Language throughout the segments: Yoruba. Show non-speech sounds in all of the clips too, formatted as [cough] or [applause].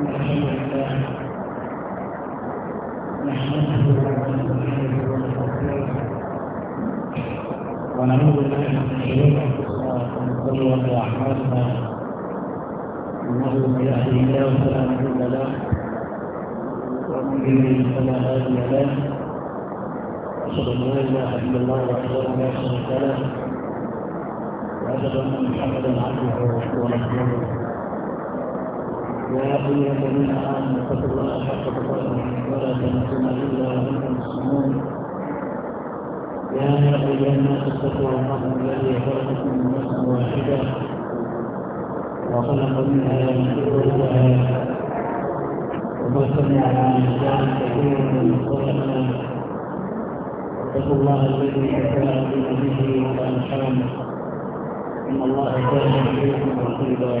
ونعوذ بالله من شرور انفسنا ومن انه من يهده الله فلا مضل له ومن يضلل فلا هادي له اشهد ان لا اله الا الله وحده لا شريك له واشهد ان محمدا عبده ورسوله يا أيها الذين آمنوا اتقوا الله حق ولا تموتن إلا وأنتم مسلمون يا أيها الناس اتقوا الله الذي خلقكم من نفس واحدة وخلق منها زوجها وبث منها رجالا كثيرا ونساء واتقوا الله الذي تساءلون به والأرحام إن الله كان عليكم رقيبا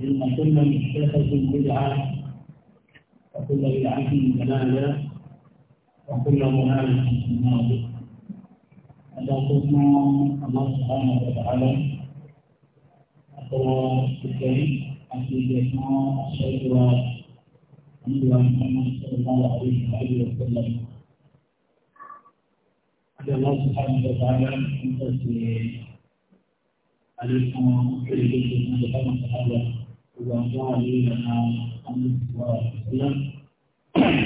إن كل محدثة بدعة وكل بدعة ضلالة وكل ضلالة في النار أتاكم الله سبحانه وتعالى أقرأ الكريم أسيدكم الشيخ ونبي محمد صلى الله عليه وسلم الله سبحانه وتعالى أن تسلي عليكم في الجنة سبحانه وتعالى وأعطاه لنا محمد صلى الله عليه وسلم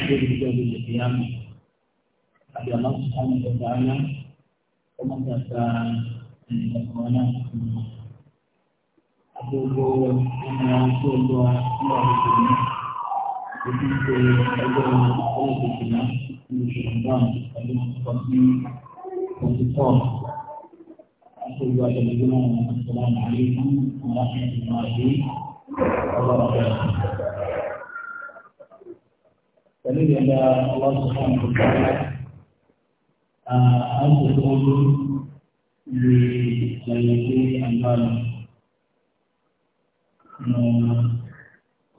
في كتاب القيامة أبي الله سبحانه وتعالى ومن تسعى أن يكون Agogo ìmọ̀ àti ọ̀dọ́ àtúnbà ìṣẹ̀lẹ̀ ìdí ṣe ẹgbẹ́ ọ̀dọ́gbẹ̀sìnà ìṣẹ̀lẹ̀ ọdún fọ́tí fọ́tí fọ́. Agogo àtẹ̀lẹ́gbẹ́ Jadi ada Allah Subhanahu wa taala al-Qur'an di layati anbal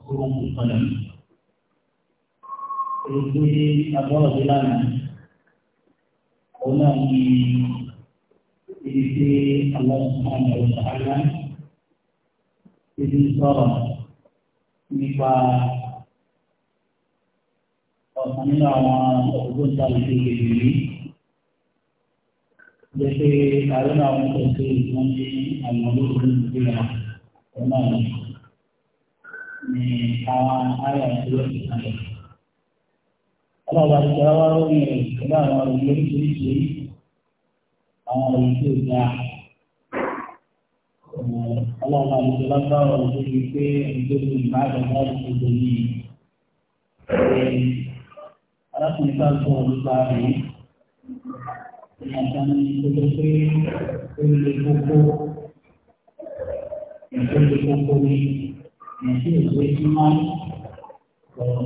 Quran Qalam jalan Ona di Allah Subhanahu wa taala ibi sọ̀rọ̀ nípa ọ̀sán nínú àwọn ògbóǹtarìgì ìrírí. Jẹ́pẹ́ àárín àwọn ọ̀sẹ̀ wọn ní àwọn olóògùn ìgbéra ọ̀nà ni àwọn ayọ̀ ìṣòro ìsàlẹ̀. Ọlọ́ọ̀bá ti sọ̀rọ̀ wá lórí rẹ̀ pẹ̀lú àwọn olóògùn ìrírí àwọn olùdíje ọlọ́run máa ṣe lágbára òjò bíi pé ìgbésí ìbáàdàn náà ti gbò ní arákùnrin bá gbọ́ nípa rẹ̀ ní àtàwọn ìgbésí pé ó lè kókó ó lè kókó ní ìdí ìwé tí máa ń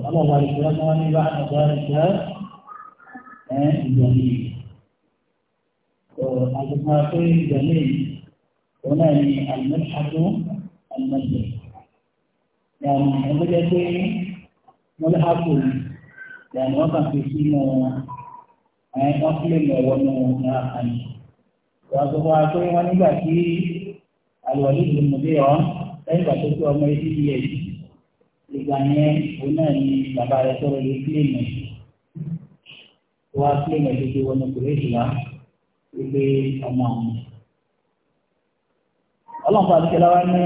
ọlọ́run máa ṣe lágbára ní bá àgbára ìjà ẹ̀ ìjọ ní àgbẹ̀fọ́ pé ìjọ ní òun náà ni àlùmọ́tò àlùmọ́tò yàrá ẹgbẹ́jẹ́ pé mọ́lẹ́ àpò yàrá wọ́n kà fi sínú àwọn ọ́fíìlì ọ̀wọ́ nù àkàní. wọ́n sọ fún wa pé wọ́n nígbà tí àlùwọ̀lì ìlú mọ̀dé ọ́ lẹ́yìn ìgbà tó tó ọmọ ẹbí yẹ ìgbà yẹn òun náà ni bàbá rẹ̀ sọ̀rọ̀ lé fílẹ̀mù wọ́n á fílẹ̀mù ẹ̀dẹ́gbẹ́ wọn ní kòrèjì wa wípé ọlọ́pàá àti kẹlẹ́wà ní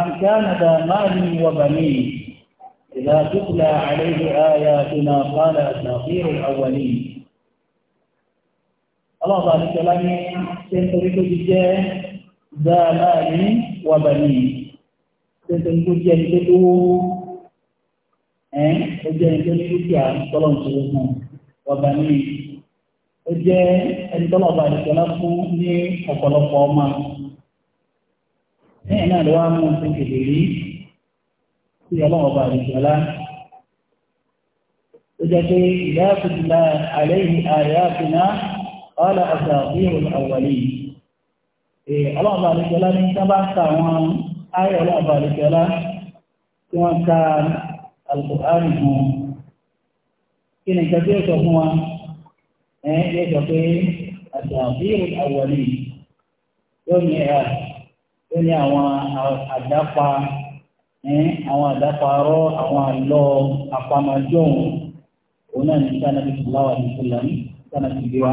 àǹkánàdà máàlì wàbàmí ìlà tókùlà àlejò àyà tìǹà fàlà àtàkìrò àwàlì ọlọ́pàá àti kẹlẹ́wà ní sẹ́ńtọ́rí tó ti jẹ́ dá máàlì wàbàmí sẹ́ńtọ́rí tó jẹ́ ní tó ẹ́ ó jẹ́ ní tó ní dúkìá ẹni tọ́lọ́ ọba fún ní ọ̀pọ̀lọpọ̀ ọmọ lẹ́yìn náà ló wá mú un kékeré rí sí ọlọ́wọ́ bá rẹ̀ jọlá ó jẹ́ pé ìyá àtúntà àlẹ́ yìí àyà àtúná ọ̀là àti àbúrò àwàlẹ́ yìí ọlọ́wọ́ bá rẹ̀ jọlá ní sábà ń ka àwọn ayé ọlọ́wọ́ bá rẹ̀ jọlá tí wọ́n ka alùpùpù fún kí ni ìjọba yóò sọ fún wa ẹ̀ yóò sọ pé àti àbúrò àwàlẹ́ yìí yóò ní ẹ̀ ó ní àwọn àdápa àwọn àdáparọ́ àwọn àlọ́ àpamọ́jọ́hún òun náà ní sànàbí fúláwà ní fúlàní sànàbí gbéwà.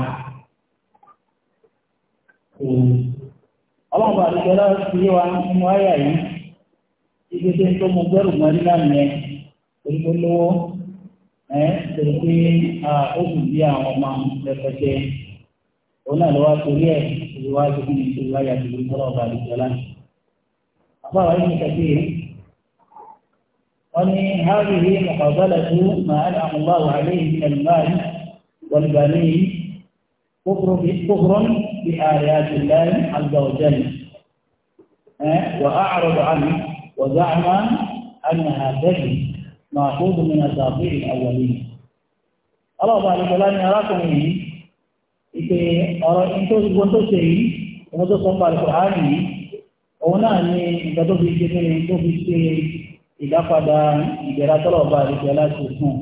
ọlọ́run bá ti lọ sí wa nínú àyà yìí ibi tí tó mú gbẹ́rù mọ́rí lánàá yẹn torí pé lówó ẹ̀ torí ó kù bí àwọn ọmọ rẹpẹtẹ òun náà ló wá torí ẹ̀ ìlú wá ti kíni ìlú wá yàtọ̀ ìlú tọ́lọ̀ ọba àdìjọ́lá. àbáwá yìí ní kẹfì yìí wọ́n ní hábìlì mọ̀kànlá tó máa ń àwọn báwò àléyìn ní ẹ̀lùmáàlì wọ̀lùbàléyìn kókòrón bí ààrẹ àjùláì àgbàwọ̀jẹ́lì wà á àrọ̀dọ̀ àmì wà záàmà àmì àbẹ́lì máa kó gómìnà tàbí ìlú àwọn yìí. ọlọ́ọ̀bà àdìjọ́lá ni arákùnrin yìí ìpè ọ̀rọ̀ ìtò ìgbò tó ṣe yìí òun tó sọ pa àlùkùránì yìí òun náà ní ìgbà tó fi ṣe kíni ala fi ṣe ìdápadà ìgbéra tọ́lọ̀ọ̀bà àdìgbẹ́ láti fún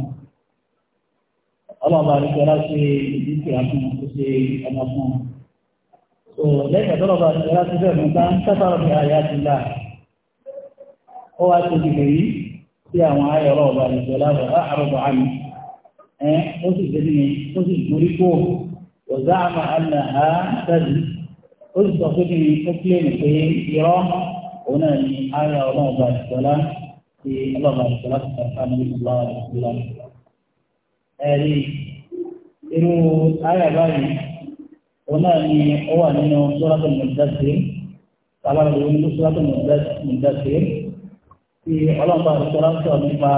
ọlọ́ọ̀bà àdìgbẹ́ láti ìdíkìá fún tó ṣe ọmọ fún un. so lẹ́yìn tọ́lọ̀ọ̀bà ti وزعم أنها تزن أذكر في مسلم في إيران هنا آية الله عليه السلام في الله عليه السلام سبحانه الله عليه وسلم ẹ̀rí irú ayé báyìí òun náà ni ó wà nínú sọ́látò mọ̀dáṣe sábàbí òun ní sọ́látò mọ̀dáṣe tí ọlọ́mọba àdìsọ́lá sọ nípa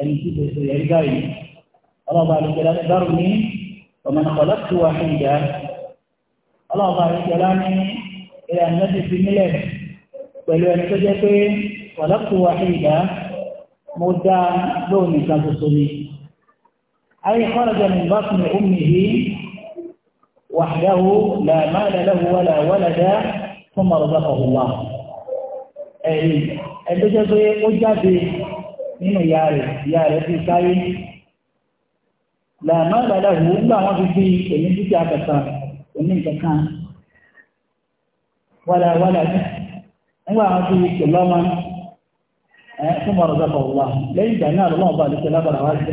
ẹni tí kò sí ẹ̀rí báyìí ọlọ́mọba àdìsọ́lá dárò ní ọmọ nàkọlá tó wà fún ìjà ọlọ́ọ̀bà àríkẹ́lá ní ilẹ̀ àmì fi nílẹ̀ pẹ̀lú ẹni tó jẹ́ pé wàlọ́pù wà fún ìjà mo dá lóun nìkan ṣoṣo ni ayé kọ́lọ́jà ní bá fún omi yìí وحده لا مال له ولا ولد ثم رزقه الله ẹ̀rí ẹ̀dọ́jẹ́ pé ó jáde nínú ìyá rẹ̀ ìyá rẹ̀ fi sáyé làmà làlà wò ń gbà wọn fi fi èyí dúkìá kẹta òní kankan wàlà wàlà ń gbà wọn fi kìlọ́ ma fún mọ̀rọ̀ zọkọ̀ lẹ́yìn ìgbà náà lọ́wọ́ bá àdìsẹ́ lábàrà wá sí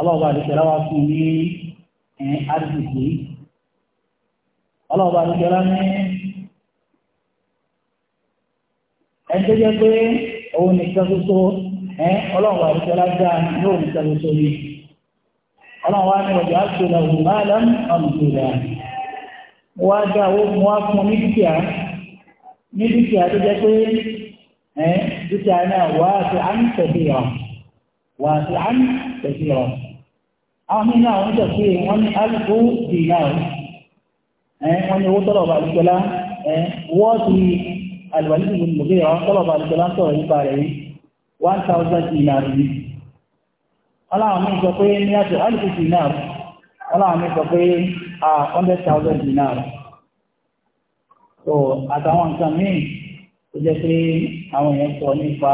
ọlọ́wọ́ bá fún ní àdìsẹ́ ọlọ́wọ́ bá àdìsẹ́ lá ní ẹgbẹ́jẹ́ pé òun nìkan ẹ́ ọlọ́run àrùsọ lágbá ní òun sẹ́gun sórí ọlọ́run wá ní ọjọ́ àṣọlá òun bá lọ́n ọ̀nùsọ̀lá wá dá owó mú wá fún ní dúkìá ní dúkìá tó jẹ́ pé ẹ́ dúkìá náà wá sí àǹtẹ̀síyọ̀ wá sí àǹtẹ̀síyọ̀ àwọn nínú àwọn oníṣẹ̀sí wọn ní alùpùpù dìínà ẹ́ wọ́n ní owó tọ́lọ̀ bá àrùsọlá ẹ́ wọ́ọ̀tì tọ́lọ̀ bá àrùsọlá sọ̀rọ̀ nípa one thousand dinar yìí ọláwọn mi sọ pé ní àti alifu dinar ọláwọn sọ pé hundred thousand dinar so àtàwọn nǹkan míì tó jẹ́ pé àwọn èèyàn sọ nípa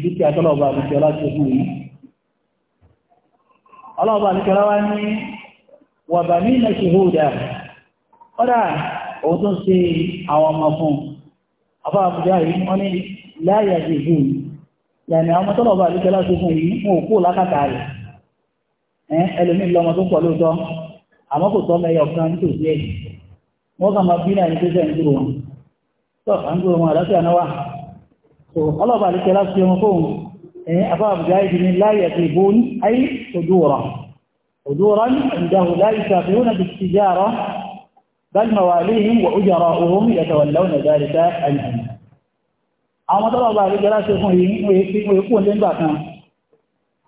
dúkìá tọ́lọ́ọ̀bà àti ọlájọ́kù yìí ọlọ́ọ̀bà àti ọláwá ní wàbà ní ilẹ̀ ṣòhóòdà kọ́dà òun tó ṣe àwọn ọmọ fún àbá àbújá yìí wọ́n ní láyà jèjì yàní àwọn tọ́lọ̀ bá àdúgbò láti fún yìí wọn ò kú lákàtà rẹ̀ ẹ ẹlòmíì lọmọ tó pọ̀ lóòótọ́ àmọ́ kò tọ́mọ ẹyọ kan nítòsí ẹ̀ wọ́n kà máa bí náà ní pẹ́sẹ̀ ń dúró wọn tó à ń dúró wọn àlàáfíà náà wà tó ọlọ́ba àdúgbò láti بل مواليهم وأجراؤهم يتولون ذلك عنهم àwọn tọ́lọ̀ bá rí gẹ́lá ṣe fún yìí wọ́n èkú ní ìgbà kan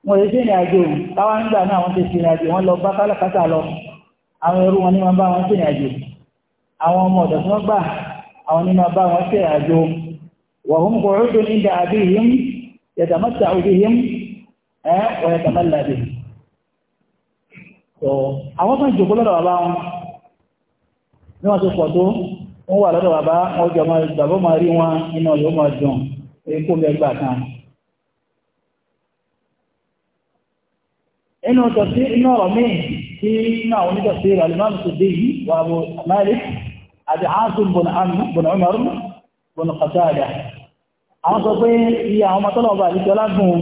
wọ́n èé sí ìrìnàjò táwọn nígbà náà wọ́n ti sí ìrìnàjò wọ́n lọ bá kálàkátà lọ àwọn ẹrú wọn ní ma bá wọn sí ìrìnàjò àwọn ọmọ ọ̀dọ̀ tí wọ́n gbà àwọn ní ma bá wọn sí ìrìnàjò وهم قعود عند أبيهم يتمتع بهم ويتملى بهم àwọn kan jòkó lọ́dọ̀ bàbá wọn ní wọ́n ti pọ̀ tó wọ́n wà lọ́dọ̀ bàbá wọ́n jọ máa bàbá máa rí wọn iná yóò máa dùn èyí kó bẹ gbà kan. inú tọ̀sí inú ọ̀rọ̀ míì tí iná àwọn onítọ̀sí alimami tó dé yìí wà bó Malik àti Asim bùnà Umar bùnà Qatada àwọn sọ pé iye àwọn ọmọ tọ́lọ̀ ọba àdìsí ọlágùn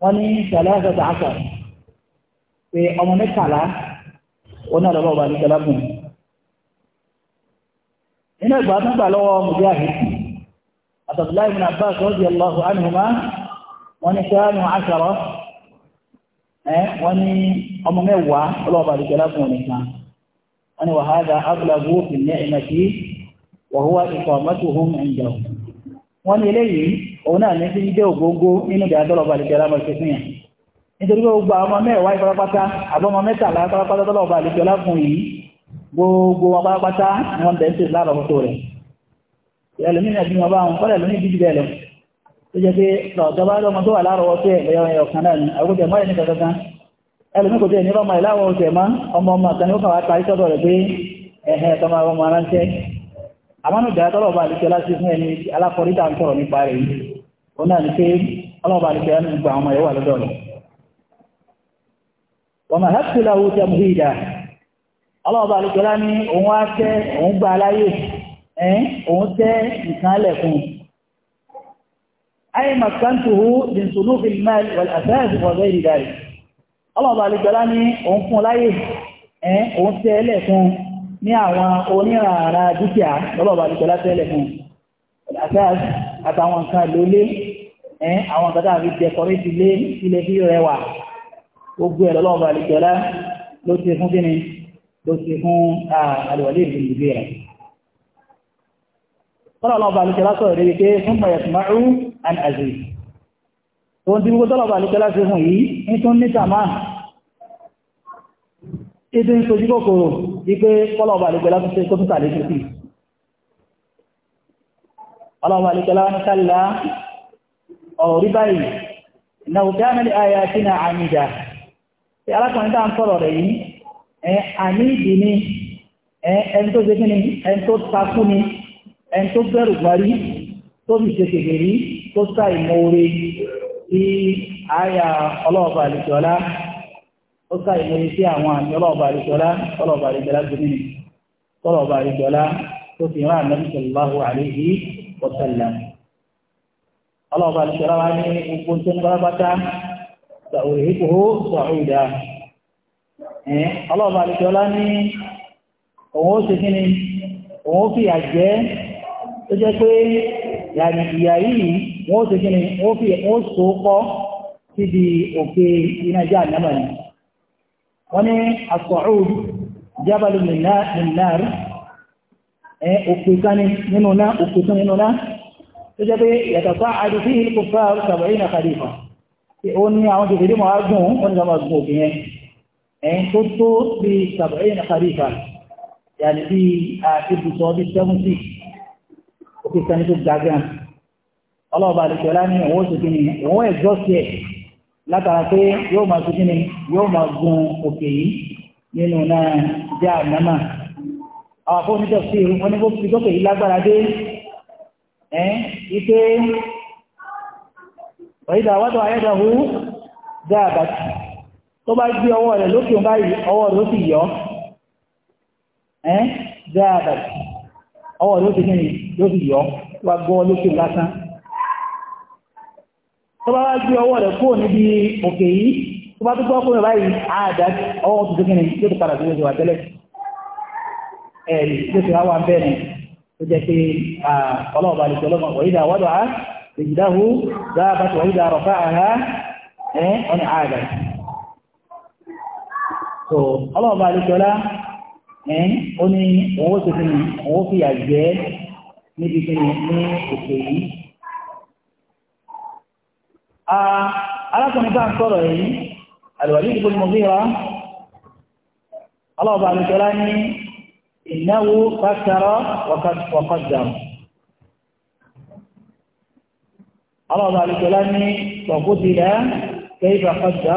wọn ní sàlẹ́ àṣà pé ọmọ mẹ́tàlá onáàlọ́bà ọba àdìsí ọlágùn nínú ẹgbàá tó gbà lọ́wọ́ mujahid àtàbíláì bin abbas radiyallahu anhuma wọ́n ní sáánù àṣàrọ̀ ẹ́ wọ́n ní ọmọ mẹ́wàá ọlọ́ọ̀bà àdìjọlá fún ọ̀nìkan wọ́n ní wàhálà abúlagbó fi ní ẹ̀mẹ́tì wọ̀húwá ikọ̀ mọ́tò home and job wọ́n ní eléyìí òun náà ní sí jẹ́ ògógó nínú ìdájọ́lọ́ọ̀bà gbogbo wa pátápátá ni wọ́n bẹ̀ẹ́ sí lára ọ̀tọ̀ rẹ̀ ẹlòmínà bí wọn bá wọn kọ́lẹ̀ na bí jùlẹ̀ lọ tó jẹ́ pé lọ́jọba lọ́mọ tó wà lára ọ̀tọ̀ ẹ̀yọ ọ̀kan náà ni ní pé ọmọ lọ́dọ̀ rẹ̀ owó ọlọ́ọ̀bá alùpùpù ní òun á tẹ́ òun gba aláyè ẹ̀ẹ́n òun tẹ́ ìkànlẹ̀ fún un. ayé màkàntùhù dìntùnú fìlímẹ́lì àtẹ́ẹ̀sì wọ̀ bẹ́ẹ̀ dìdarí ọlọ́ọ̀bá alùpùpù ní òun fún láyè ẹ̀ẹ́n òun tẹ́ ẹlẹ̀ fún ní àwọn oníràrà dúkìá ọlọ́ọ̀bá alùpùpù tẹ́lẹ̀ fún àtẹ́ẹ̀sì àtàwọn nǹkan lólé fún ló ṣe fún àlùwàlẹ́ ìlú ìgbé rẹ̀. tọ́lọ̀lọ́ ọba alùkẹ́lá sọ̀rọ̀ débi pé fún payasmaru and aziz tó ń dínwó tọ́lọ̀lọ́ ọba alùkẹ́lá ṣe fún yìí ní tó ní tàmá ètò ń sojú kòkòrò wípé tọ́lọ̀ ọba alùkẹ́lá tó ṣe tó tún tàlé tòsí ọlọ́ọba alùkẹ́lá ń kálá ọ̀rọ̀ rí báyìí ìnáwó kí ẹ àníìdì ni ẹ ẹni tó jẹ́kí ni ẹni tó takú ni ẹni tó bẹ̀rù parí tó fi ṣe kèkèrí tó sá ìmoore tí àyà ọlọ́ọ̀bà àlùjọ́lá ó sá ìmoore sí àwọn àmì ọlọ́ọ̀bà àlùjọ́lá ọlọ́ọ̀bà àlùjọ́lá gbẹ̀mí ni ọlọ́ọ̀bà àlùjọ́lá tó fi rán ànábì sallallahu alayhi ọlọ́ọ̀bà àlùjọ́lá wa ní gbogbo ọlọ́ọ̀bà àlejòọlá ní òun ó kí ni òun ó fìyà tó jẹ́ pé ìyà yìí wọ́n ó kí ni wọ́n fi wọ́n so kọ́ síbi òkè iná jẹ́ ànámà ni wọ́n ní asọ̀ọ́d jábàlú nìlár òkè kan nínú náà òkè kan nínú náà tó jẹ́ pé ìlú kò sàbẹ̀yìn àkàdé kan ó ní àwọn tòkè dé mọ́ ó ní ẹ̀yìn tó tó bí sàbẹ̀yìn àkàrífà yàní bí àtibùsọ bí sẹ́wùntì òkè sani tó ga gan ọlọ́ọ̀bà àdìsọ́lá ní òun oṣù kìíní òun ẹ̀jọ́ sí ẹ̀ látara pé yóò máa ṣe kìíní yóò máa gun òkè yìí nínú náà jẹ́ ànámà àwọn afọ onítọ̀ sí irú wọn ni kó fi gòkè yìí lágbára dé ẹ̀ ike ọ̀yẹ́dà wàdọ̀ ayẹ́dà hu dáàbàtì tó bá gbé ọwọ́ rẹ̀ lókè báyìí ọwọ́ rẹ̀ ó sì yọ ẹ́ dáadáa ọwọ́ rẹ̀ ó sì ní ló sì yọ tó bá gbọ́ lókè lásán tó bá gbé ọwọ́ rẹ̀ kúrò níbi òkè yìí tó bá tó gbọ́ kúrò báyìí àádá ọwọ́ tó tẹ́kẹ́ ni yóò tó padà sí oṣù àtẹ́lẹ̀ ẹ̀rì tó ti wá bẹ́ẹ̀ ni tó jẹ́ pé ọlọ́ọ̀bà lè tọ́lọ́ mọ̀ wọ̀nyí dà so ọlọ́ọ̀bá àdéjọ́lá ẹ̀ẹ́n ó ní òun ó tuntun ní òun ó fi àjẹ́ níbi kí ni ní òkè yìí. alákùnrin bá ń sọ̀rọ̀ yìí àlùwàlí ìdìbò ni mo fi ra ọlọ́ọ̀bá àdéjọ́lá ní ìnáwó fásitì wọ́kọ̀dà. ọlọ́ọ̀bá àdéjọ́lá ní tọ̀kùtì rẹ̀ kẹ́yìn fàkọ̀dà.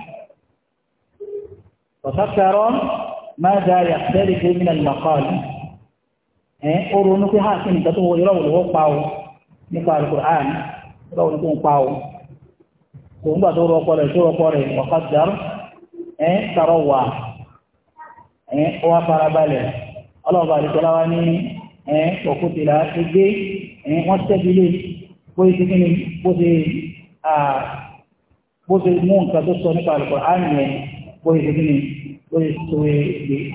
وفكر ماذا يختلف من المقال أرونو في هاكين تتوه يرون وقعوا نقع القرآن يرون وقعوا كنت أدور وقال شور وقال وقدر تروى وفر بالي الله بارك الله ni وقتل إجي واستبلي bó ṣe mú nǹkan tó sọ nípa Al-Qur'an yẹn bóyá ìdí ni bóyá ìṣòwò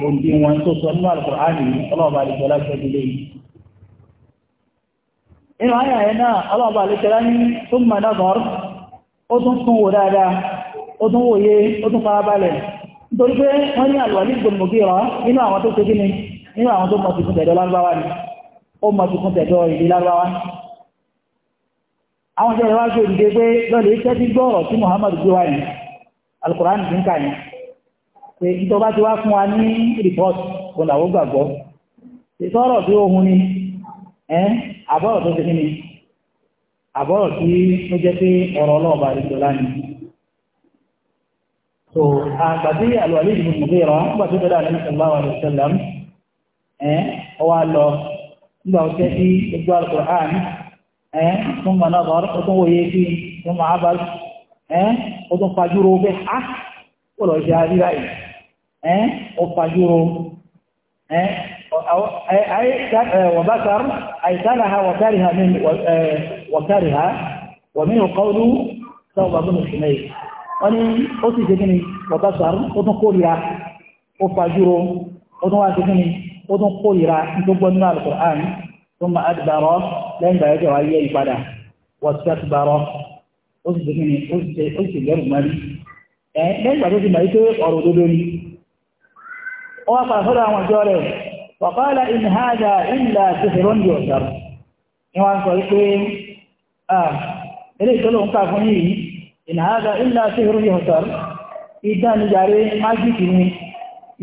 òǹdí wọn tó sọ nínú Al-Qur'ani ọlọ́ọ̀bà àdìsọ́ láti ọdún lẹ́yìn. inú ayé àyẹ náà ọlọ́ọ̀bà àdìsọ́ láti tó mọ̀ náà sọ̀rọ̀ ó tún tún wò dáadáa ó tún wòye ó tún farabalẹ̀ nítorí pé wọ́n ní àlùwàlí ìgbòmùgbé rán nínú àwọn tó ṣe kí ni nínú àwọn tó mọ̀ tuntun tẹ̀dọ̀ lárúbáwá ni ó mọ̀ tuntun tẹ̀dọ̀ ìdí lárúbáwá àwọn ìjọba wá gbé òdìdé pé lọ́lẹ̀ iṣẹ́ tí gbọ́ ọ̀rọ̀ tí Muhammad gbé wá ní Al-Qur'an ti ń kà ní pé ìtọ́ bá ti wá fún wa ní rìpọ́t òun làwọn gbàgbọ́ ìtọ́rọ̀ tí ó hun ni ẹ́n àbọ̀rọ̀ tó ti kí ni àbọ̀rọ̀ tí ó jẹ́ pé ọ̀rọ̀ ọlọ́ọ̀bà àdìjọ lánìí so àgbàdí àlùwàlì ìdìbò mùgbé rọ nígbà tó dọ́dà nínú sọ̀rọ̀ àwọn ọ̀sẹ̀lẹ̀m ẹ̀ ọ wá lọ nígbà ó tẹ́ sí gbogbo alukur'an ẹ̀ tún mọ̀ náà bọ̀ ó tún wòye sí ẹ́ ọ̀fàjúro ẹ́ wàbásar àìsànàha wàkàrìha wàmínú kọ́ọ̀lù sáwọ̀bàbùn ìṣẹ̀lẹ̀ wọ́n ni ó sì jẹ́ kolira wàbásar ó tún kórìíra ọ̀fàjúro ó tún wá sí gíní ó tún kórìíra gbogbo nínú alùkùrán tó ma adìbàrọ̀ lẹ́yìn bàyẹ́jọ ayé ìpadà wàtẹ́tìbàrọ̀ ó wọ́n pa sọ́dọ̀ àwọn ìjọ rẹ̀ wàkọ́lá ìhádà ìlà tẹ̀sẹ̀rọ̀n yóò sọ̀rọ̀ ni wọ́n sọ pé ilé ìtọ́lọ̀ ń kàfún yìí ìhádà ìlà tẹ̀sẹ̀rọ̀n yóò sọ̀rọ̀ ìdánijàre májíkì ni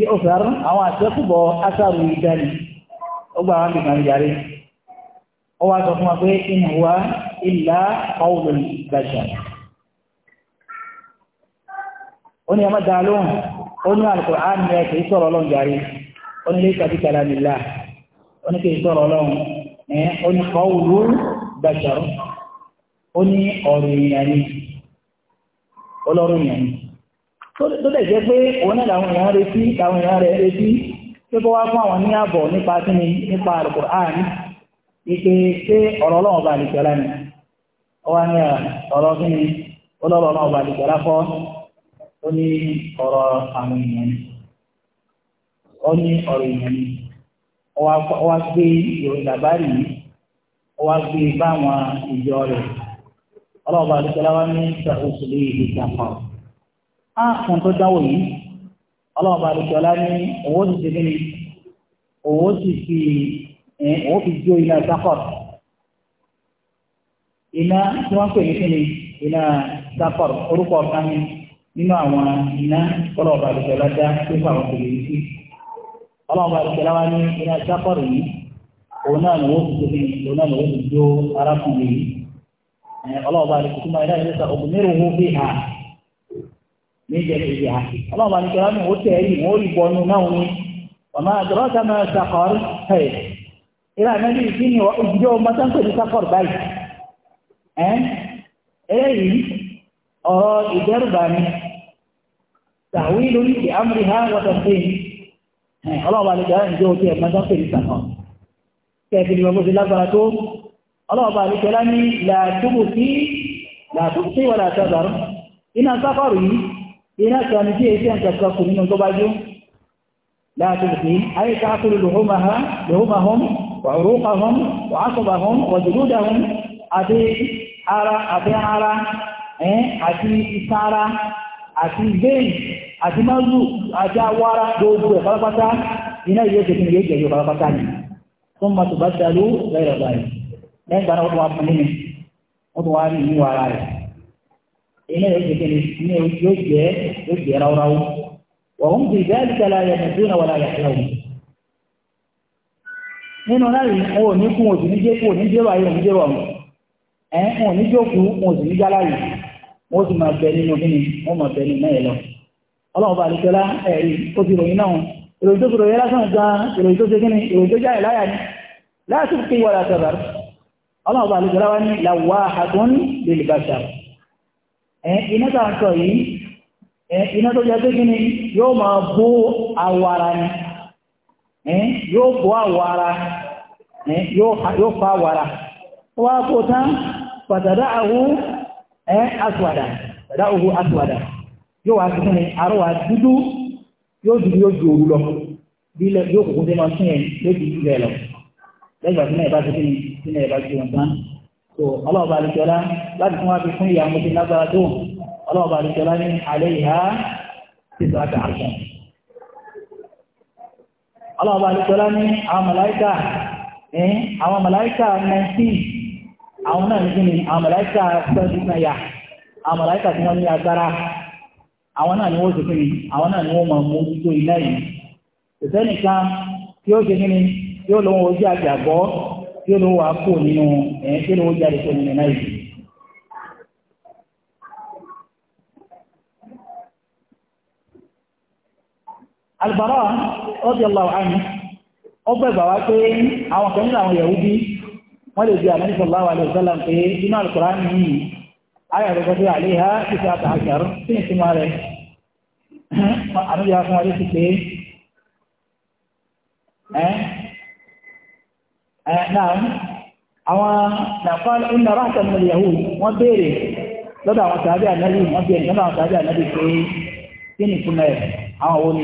yóò sọ̀rọ̀ àwọn àtẹ́kùbọ̀ asáru ìdáni ó gbà wọn ìdánijàre ó wá sọ fún wa pé ìhùwà ìlà ọ̀wọ̀lù gbàṣà ó ní ẹ onu alukur'an ni ẹ kì í sọ̀rọ̀ ọlọ́run jàre oní lè tàbí kalamillah oní kì í sọ̀rọ̀ ọlọ́run ẹ oní ni ọlọ́run èèyàn ni pé òun náà làwọn èèyàn retí làwọn èèyàn rẹ̀ retí pé kó wá fún àwọn ní àbọ̀ nípa ni nípa ike ṣé ọba ni ó ní ọ̀rọ̀ àwọn èèyàn ni ó ní ọ̀rọ̀ èèyàn ni ó wá gbé ìròyìn àbárí yìí ó wá gbé báwọn ìjọ rẹ̀ ọlọ́ọ̀bá àdúgbò wa ní oṣù lè lè dàpọ̀ á kan tó dáwọ̀ yìí ọlọ́ọ̀bá àdúgbò wa ní owó ti ṣe nínú owó ti fi owó fi jó iná dápọ̀ iná tí wọ́n pè ní kíni iná dápọ̀ orúkọ ọ̀gá mi. nínú àwọn iná kọ́lọ̀ ọba àdìsọ́lá dá tó fún àwọn yìí sí ọlọ́run ọba àdìsọ́lá ní iná sáfọ́rì yìí òun náà ló wọ́n ní òun náà tó arákùnrin yìí ha ní ha ní tẹ̀ ẹ̀ ẹ̀ tàwílù ìdí amúrí ha wọ́tọ̀ sí ọlọ́wọ́ àlejò ara ìjọ òkè ẹ̀mọ́ sọ́kè ní sàkọ́ kẹfì ni wọ́n fi lágbára tó ọlọ́wọ́ àlejò ara ní eh, làtúbù sí làtúbù sí wọ́n làtọ́ dàrú iná sáfàrù yìí iná sọ̀rọ̀ tí èsì ẹ̀ ń kẹ̀kọ́ kù nínú tó bá jó làtúbù sí àti ara àti ara àti ìsára àti bẹ́ẹ̀ àti mọ́rù àti awára gbogbo ẹ̀ pátápátá iná ìlú èdè kìnnìyẹ jẹ̀yọ pátápátá ni tó máa tó bá dàlú lẹ́rọ̀ báyìí lẹ́yìn gbàdá wọ́n wá fún nínú wọ́n tó wá rí ìmú ara rẹ̀ iná ìlú èdè kìnnìyẹ yóò jẹ́ yóò jẹ́ ráúráú wọ́n ń fi bẹ́ẹ̀ ti tẹ́lá yẹn tó náà wọlé àyàfẹ́ òun. nínú náà rí wọn ò ní kún òsì ní jẹ́ kún òní jẹ́ wáyé òní jẹ́ wọ̀n ẹ̀ wọn ò ní jókòó wọn ò sì ní jáláyè wọn ò sì máa bẹ nínú kíni wọn máa bẹ nínú náà yẹn lọ ọlọ́run bá àlùkẹ́lá ẹ̀rí ó ti ròyìn náà ìròyìn tó ròyìn lásán gan ìròyìn tó ṣe kí ni ìròyìn tó jáì láyà ni láti fi wọ́n láti bàrù ọlọ́run bá àlùkẹ́lá wá ní làwọ̀ àtún lèlè bàṣà iná tá à ń sọ yìí iná tó jẹ́ pé kí ni yóò aswada pàtàdá aswada yóò wá sínú àrò wá dúdú yóò dúdú yóò ju òru lọ bí ilẹ̀ yóò kókó dé máa sún yẹn yóò dúdú bẹ́ẹ̀ lọ lẹ́gbàá sínú ẹ̀bá sínú sínú ẹ̀bá ju wọn tán tó ọlọ́ọ̀bá àlùjọ́lá láti fún wa fi fún ìyá mọ́tí lágbára tó ọlọ́ọ̀bá àlùjọ́lá ní alẹ́ ìhá títí àti àṣà ọlọ́ọ̀bá àlùjọ́lá ní àwọn màláìkà àwọn màláìkà 19 àwọn náà ní kí ni àwọn màláìkà 20 náà yà àwọn màláìkà tí wọ́n ní agbára àwọn náà ni wọ́n ṣe kíni àwọn náà ni wọ́n máa mú tó iná yìí ìsẹ́nìkan tí ó ṣe kíni tí ó lóun ojú àti àgbọ́ tí ó lóun wà kó nínú ẹ̀yìn tí ó lóun jáde tó nínú iná ó gbẹ̀gbà wá pé àwọn kan àwọn wọ́n lè di àmì pé inú ayà rẹ̀ gbọ́dọ̀ àléhà títí àtàkàrọ̀ sí ìsinmi rẹ̀ àníyà fún ọdún ti pé ẹ́ náà àwọn nàfàlù iná ráṣà ní ìyàwó wọ́n béèrè lọ́dọ̀ àwọn tàbí ànábì wọ́n béèrè lọ́dọ̀ àwọn tàbí ànábì pé kí ni ìtumọ̀ ẹ̀ àwọn wo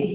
ni ọwọ́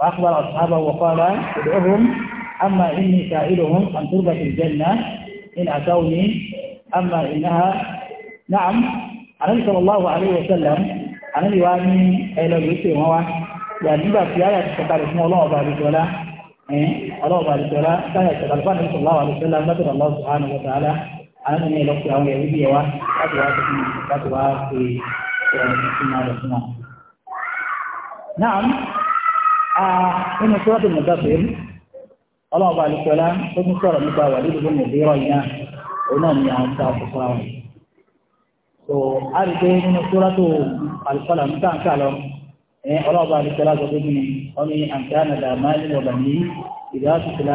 وأخبر أصحابه وقال ادعوهم أما إني سائلهم عن تربة الجنة إن أتوني أما إنها نعم النبي صلى الله عليه وسلم النبي أي لو بيسي هو يعني إذا في آية تتكار اسمه الله بارك ولا الله بارك ولا كان يتكار فان صلى الله عليه وسلم ذكر الله سبحانه وتعالى أنا من يلوك يوم يوم يوم يوم يوم نعم nínú sọ́ọ̀tì mọ̀tàfẹ́rì ọlọ́ọ̀bà àlùfẹ́lá ó tún sọ̀rọ̀ nípa wà lílo fún ìdírọ̀ yìí náà òun náà ni àwọn tá a kó fún àwọn. tó a rí pé nínú sọ́ọ̀tì àlùfẹ́lá ń tàn ká lọ ọlọ́ọ̀bà àlùfẹ́lá sọ pé kí ni wọ́n ní àǹkáàna dàmáàlì wọ̀bà ní ìdá tuntun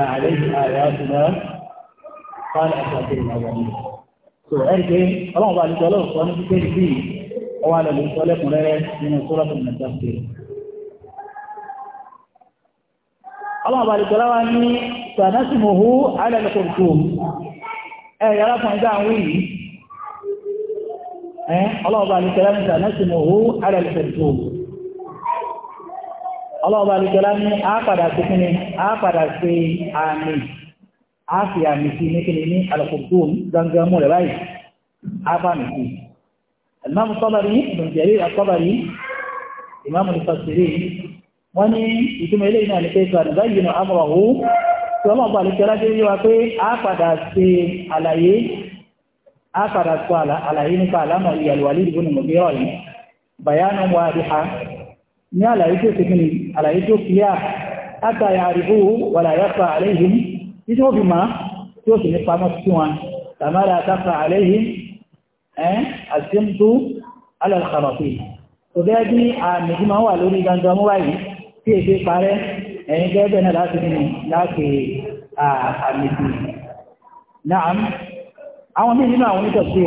ọlọ́wọ́ bá lè gọ́láwà ní tànásìmòhú alẹ́lẹ́kọ̀ọ́kọ́ ẹ̀yàrá kan dá àwọn yìí ọlọ́wọ́ bá lè gọ́lá ní tànásìmòhú alẹ́lẹ́kọ̀ọ́kọ́ ọlọ́wọ́ bá lè gọ́lá ní àápàdà sí kíni àápàdà sí àmì àfi àmì sí ní kíni ní alẹ́kọ̀ọ́kọ́ gangan mú rẹ̀ báyìí àfàmì sí ìmáàmù tọ́bàrí ìbùnjẹ̀rí àtọ́bàrí ìmáàmù wọ́n ní ìtumọ̀ ilé ìnáà ní pé sọ àdìbá yìí nà ámọ̀ràn ó tí ọlọ́run bá àlejò aláṣẹ yé wa pé a padà ṣe àlàyé a padà sọ àlàyé nípa àlámà ìyàlùwálé ìdìbò nìmọ̀ bí ọ̀rọ̀ yìí bàyánù wa àdìhà ní àlàyé tó tẹ́kùn ní àlàyé tó kíyà látàrí àríwú wà láyápa àléhìn tí ó fi tí èdè parẹ́ ẹ̀yìn gẹ́gẹ́ náà láti nínú láti àmìtì náà àwọn míì nínú àwọn onítọ̀sí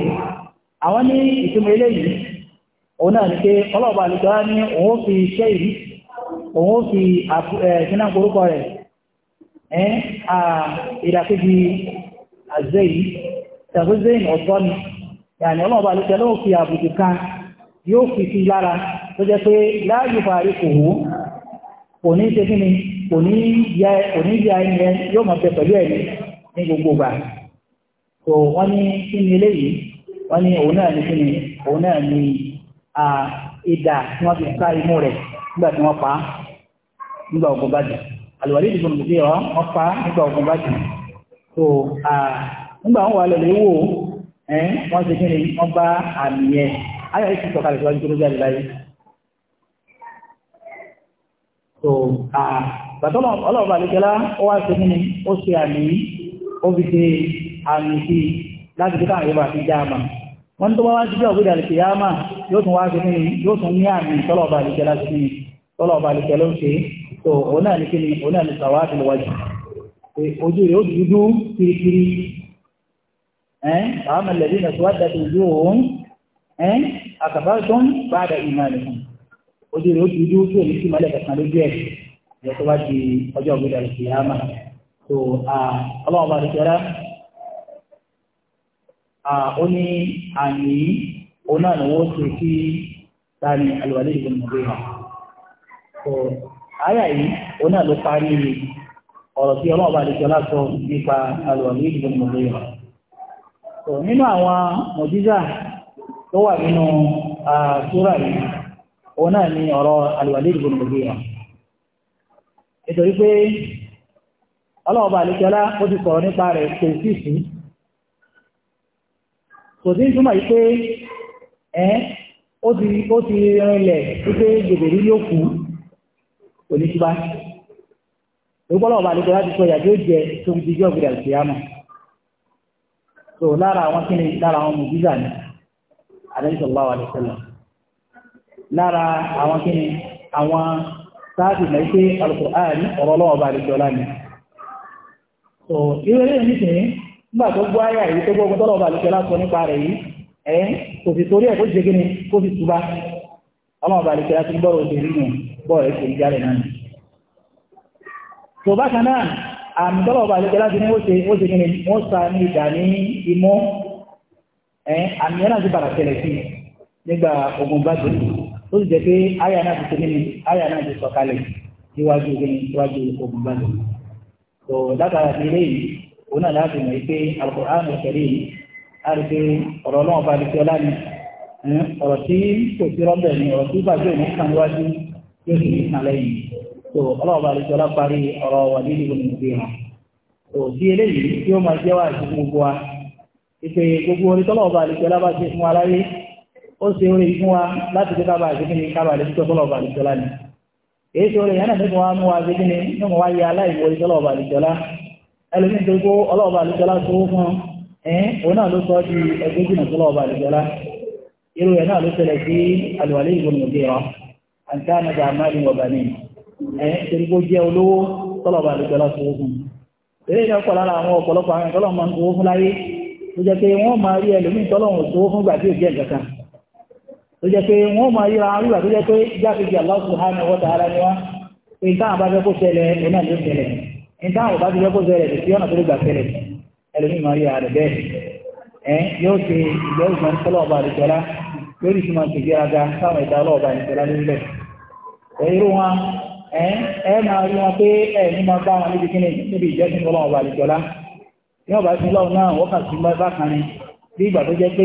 àwọn ní ìtumọ̀ eléyìí òun náà ní pé ọlọ́ọ̀bà àlùjọ ní òun fi iṣẹ́ yìí òun fi ìṣúná orúkọ rẹ̀ ẹ̀ ìdàkejì àzẹ́ yìí tàbí zayn ọ̀tọ́ ni yàní ọlọ́ọ̀bà àlùjọ ló fi àbùkù kan yóò fi sí lára tó jẹ́ pé láàyè fàárí kò wó kò ní ṣe kíni kò ní ya kò ní ya ẹni yẹn yóò máa bẹ pẹ̀lú ẹni ní gbogbo gbà tó wọ́n ní kí ni eléyìí wọ́n ní òun náà ní kíni òun náà ní ìdà tí wọ́n fi ká imú rẹ̀ nígbà tí wọ́n pa á nígbà ogun bá jù àlùwàlì ìdìbò nìbí ọ wọ́n pa á nígbà ogun bá jù tó nígbà wọn wà lọ́lẹ̀ wò ẹ́ wọ́n ṣe kíni wọ́n bá àmì yẹn ayọ̀ ìsìn sọ̀kalẹ̀ síwájú tó ló jáde láyé so bàtọ́lọ̀ ọlọ́ọ̀bà àlejẹ́lá ó wá sí nínú ó ṣe àmì ó fi ṣe àmì sí láti kíkà àríwá àti jáàmà wọ́n tó wá síjọ́ ògbèdà àti jáàmà yóò tún wá sí nínú yóò tún ní àmì tọ́lọ̀ọ̀bà àlejẹ́lá sí nínú tọ́lọ̀ọ̀bà àlejẹ́lá ó ṣe so òun náà ojú rẹ̀ ó ti dúró tó èyí sí mọ́lẹ̀ kankan lójú ẹ̀ ẹ̀ tó bá di ọjọ́ ògbéra rẹ̀ kìí hàmà tó ọlọ́wọ́ bá rẹ̀ kẹ́rà ó ní àmì òun náà lọ́wọ́ ṣe kí tani alùwàlẹ́ ìbọn mọ̀gbé hàn tó àyà yìí òun náà ló parí ọ̀rọ̀ tí ọlọ́wọ́ bá rẹ̀ kẹ́rà sọ nípa alùwàlẹ́ ìbọn mọ̀gbé hàn tó nínú àwọn mọ̀jíjà tó wà nínú àṣúrà yìí òun náà ni ọ̀rọ̀ Al-Walid ibn Mughira nítorí pé ọlọ́ọ̀bà àlejọ́lá ó ti sọ̀rọ̀ nípa rẹ̀ kò sí sí kò sí túmọ̀ yìí ẹ́ ó ti rinlẹ̀ wípé gbèbèrè ló kú kò ní túbá ìgbọ́lọ̀ọ̀bà ti sọ lára àwọn kíni àwọn sáàtì náà pé alùpùpù ọ̀rọ̀ bá lè jọlá ni so irú eré nísìnyí nígbà tó gbọ́ ayé àyè tó gbọ́ tọ́lọ́ bá lè jọlá sọ nípa rẹ̀ yìí ẹ̀ kò sì torí ẹ̀ kó ṣe kíni kó sì túbá ọlọ́wọ́ bá lè jọlá ti gbọ́rọ̀ so bákan náà àmì tọ́lọ̀ ọba àlejò láti ní ó ṣe ó ṣe kí ni wọ́n sa ní ìdá ní ó sì jẹ́ pé àyà náà ti ṣe nínú ndị náà ti sọ̀kalẹ̀ níwájú ndị níwájú ogun bá lòun tó látara ti ilé yìí òun náà láti mọ̀ pé Al-Qur'an al á rí pé ọ̀rọ̀ náà bá ọlá ni ọ̀rọ̀ tí kò sí rọ́bẹ̀ ni ọ̀rọ̀ tí bàjẹ́ ní kan níwájú yóò sì ní kan lẹ́yìn tó ọlọ́wọ́ bá ọlá parí ó ṣe orí fún wa láti fi kábàá sí kíni kábàá lè dúpẹ́ fọlọ́ ọba àdìsọ́lá ni èyí ṣe orí yẹn náà nípa wa mú wa sí kíni nípa wa yẹ aláìwọ ìṣọ́lọ́ ọba àdìsọ́lá ẹlòmíín tó kó ọlọ́ọ̀ba tó fún òun náà ló sọ di ẹgbẹ́ jìnnà sọ́lọ́ ọba àdìsọ́lá irú yẹn náà ló ṣẹlẹ̀ sí alùwàlẹ́ ìbò nìgbéra àǹtá a tó jẹ́ pé wọ́n máa yíra arúgbà tó jẹ́ pé jákèjì Allah subhanahu wa ta'ala ni wá pé táwọn kó ṣẹlẹ̀ ọ̀nà ló ṣẹlẹ̀ kó ṣẹlẹ̀ ọ̀nà tó lè gbà ṣẹlẹ̀ ẹlòmíì máa yíra rẹ̀ bẹ́ẹ̀ ẹ yóò ṣe ìgbẹ́ ògbọ́n tọ́lọ́ọ̀bà àdìsọ́lá lórí ìtumọ̀ tòjú aga táwọn ìta ọlọ́ọ̀bà àdìsọ́lá lórílẹ̀ ẹ̀rú wọn ẹ ẹ máa rí wọn pé ẹ ní máa bá wọn níbi kíni níbi ni bí ìgbà tó jẹ́ pé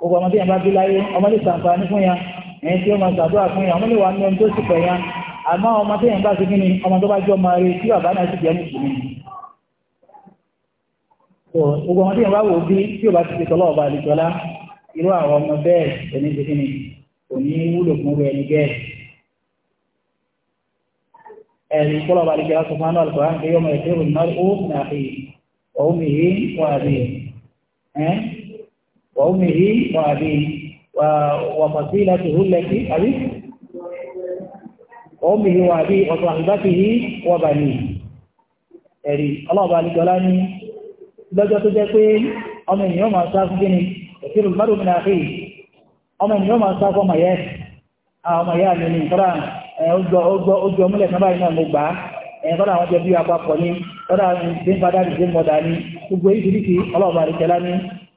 gbogbo ọmọdé yẹn bá bí láyé ọmọdé sàǹfààní fún yẹn ẹ̀yìn tí ó máa ṣàdúrà fún yẹn ọmọdé wà ní ohun tó sì pẹ̀ yẹn àmọ́ ọmọdé yẹn bá ti kí ni ọmọ tó bá jọ máa rí tí bàbá náà sì jẹ́ mùsùlùmí. gbogbo ọmọdé yẹn bá wò bí tí ó bá ti ṣètò ọlọ́ọ̀bà àlejòlá irú àwọn ọmọ bẹ́ẹ̀ ẹni ti kí ni kò ní wúlò fún rẹ̀ ẹni bẹ́ẹ̀. ẹ̀rí kọ́lọ́ọ̀bà àlejòlá sọ وأمه وأبيه وفصيلته التي أبيه وأمه وأبيه وصاحبته وبنيه ẹ̀rí ọlọ́ọ̀bá alìjọlá ní lọ́jọ́ tó jẹ́ pé ọmọ ènìyàn máa sá fún gíní ìṣirò mẹ́rù mi náà rí ọmọ ènìyàn máa sá fún ọmọ yẹn ọmọ yẹn àmì ní ìtọ́ra ojú ọmúlẹ̀ náà báyìí náà mo gbà á ẹ̀kọ́dà àwọn jẹ́ bí apapọ̀ ní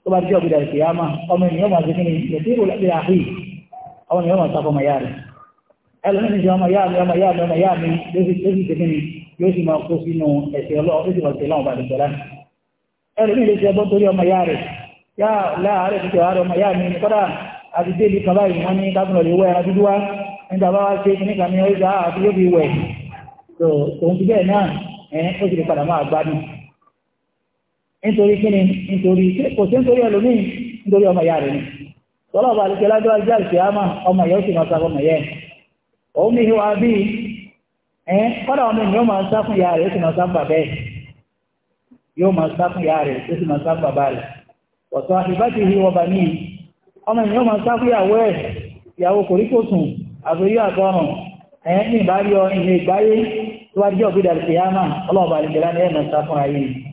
tó bá jẹ́ ọ̀gbìdà ìkìyàmá ọmọ ènìyàn máa jẹ́ kí ni yẹ̀tírò lábẹ́ àhí ọmọ ènìyàn máa sàkọ́ màyá rẹ̀ ẹlẹ́ni jẹ́ ọmọ yáàmì ọmọ yáàmì ọmọ yáàmì lóṣì jẹ́ ni yóò sì máa kó sínú ẹ̀sẹ̀ ọlọ́run lóṣì máa tẹ̀lé àwọn bàdì sọ́lá ẹlẹ́ni lè jẹ́ bọ́ torí ọmọ yá rẹ̀ yá láàárẹ̀ títí ọ̀hárẹ̀ ọmọ yáàmì kọ́dà àti débi kaba yìí wọ́n ní kábùnà lè wẹ̀ ẹran dúdú wá nígbà bá wá ṣe kíní kan ní ọjà àti yóò fi wẹ̀ tó òun ti bẹ́ẹ̀ náà ẹ̀ ó sì lè nítorí kíni nítorí kò sí nítorí ẹlòmíì nítorí ọmọ ìyá rẹ̀ ni tọ́lá ọba àti kẹlá jọ ajá ìṣẹ́ àmà ọmọ ìyá ó sì máa sá ọmọ ìyá ẹ̀ òun ní ìhùwà bí ẹ̀ kọ́dà ọmọ ènìyàn máa sá fún ìyá rẹ̀ ó sì máa sá fún bàbá ẹ̀ yóò máa sá fún ìyá rẹ̀ ó sì máa sá fún bàbá ọmọ máa sá fún ìyàwó ẹ̀ ìyàwó kòríkòsùn ẹ̀ ní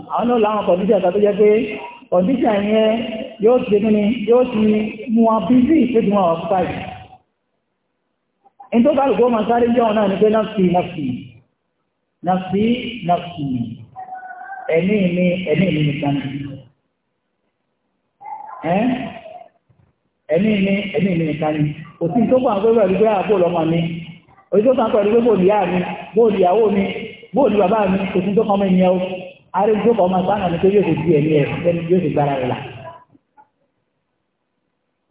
àwọn náà láwọn kọ̀díṣà tó jẹ́ pé kọ̀díṣà yẹn yóò ti gíní yóò ti mú wọn bí sí ìpéjú wọn ọ̀pọ̀ báyìí in tó bá lùgbọ́ máa sáré jọ́ náà ní pé nafsi nafsi nafsi nafsi ẹ̀mí mi ẹ̀mí mi nìkan ẹ̀mí mi ẹ̀mí mi nìkan ni kò sí tó bá pẹ́lú ẹ̀rí pé àpò lọ́mọ mi òyìn tó bá pẹ̀lú pé bóòlù yá mi bóòlù ìyàwó mi bóòlù bàbá mi kò sí tó kọ́ mọ́ ìyẹn o ààrẹ ìjókòó ọmọ ìpánà ní pé yóò ti di ẹ̀mí ẹ̀ lẹ́nu yóò ti gbára rẹ̀ là.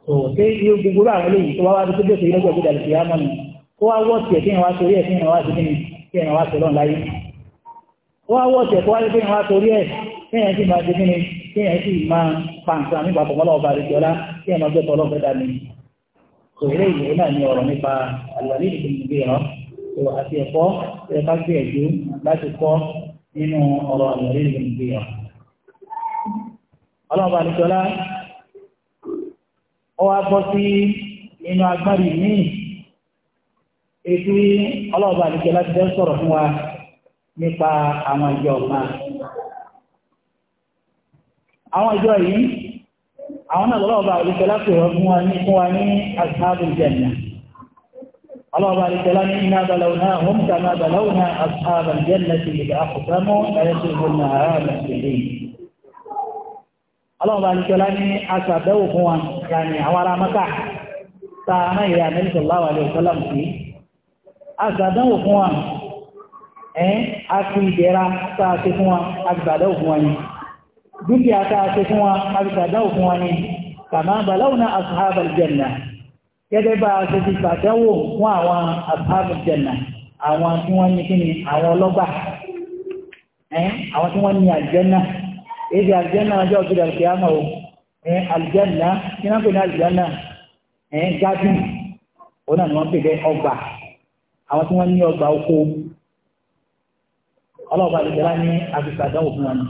tó ṣé yóò gbogbo àwọn eléyìí tó wá wá tó bẹ̀rẹ̀ lọ́jọ́ gbọ́dọ̀ lè fi á mọ́nu kó wá wọ́ tiẹ̀ kí ẹ̀ wá sórí ẹ̀ kí ẹ̀ wá sí kíni kí ẹ̀ wá sọ̀rọ̀ láyé. kó wá wọ́ tiẹ̀ kó wá sí kí ẹ̀ wá sórí ẹ̀ kí ẹ̀ sì máa ṣe kíni kí ẹ̀ sì máa pa nǹkan nípa pọ̀pọ̀lọ́ ọba ni ọ̀rọ̀ nípa àlùwàlí ìdìbò ìgbéyàwó àti ẹ̀kọ́ ẹ̀ká gbìyànjú nínú ọ̀rọ̀ ìrìn ìgbéyàwó. ọlọ́ọ̀bà nìṣọ́lá ó wá bọ́ sí inú agbárí míì ètí ọlọ́ọ̀bà nìṣọ́lá ti fẹ́ sọ̀rọ̀ fún wa nípa àwọn ìjọ kan. àwọn ìjọ yìí àwọn náà lọ́ọ̀bà nìṣọ́lá pè wọ́n fún wa ní ashabul janna الله بارك لنا إنا بلوناهم كما بلونا أصحاب الجنة إذ أقسموا ليصرفن هذا المسلمين الله بارك لنا أسدوهم يعني عوارى مكة tààmà ìrìn àmẹ́lì sallallahu alaihi wasallam sí agbàdánwò fún wa ẹ́ a fi ìdẹ̀ra sáàṣe fún wa agbàdánwò fún wa gẹ́gẹ́ bá a ṣe ti pàtẹ́wò fún àwọn àbábù jẹ̀nà àwọn tí wọ́n ní kíni àwọn ọlọ́gbà àwọn tí wọ́n ní àlùjánnà èdè àlùjánnà ọjọ́ òkúta ìkìyàmọ̀ o àlùjánnà kí wọ́n pè ní àlùjánnà gádùn òun náà ni wọ́n pè ní ọgbà àwọn tí wọ́n ní ọgbà oko ọlọ́ọ̀bà àlùjánnà ní àbùsàdánwò fún wọn.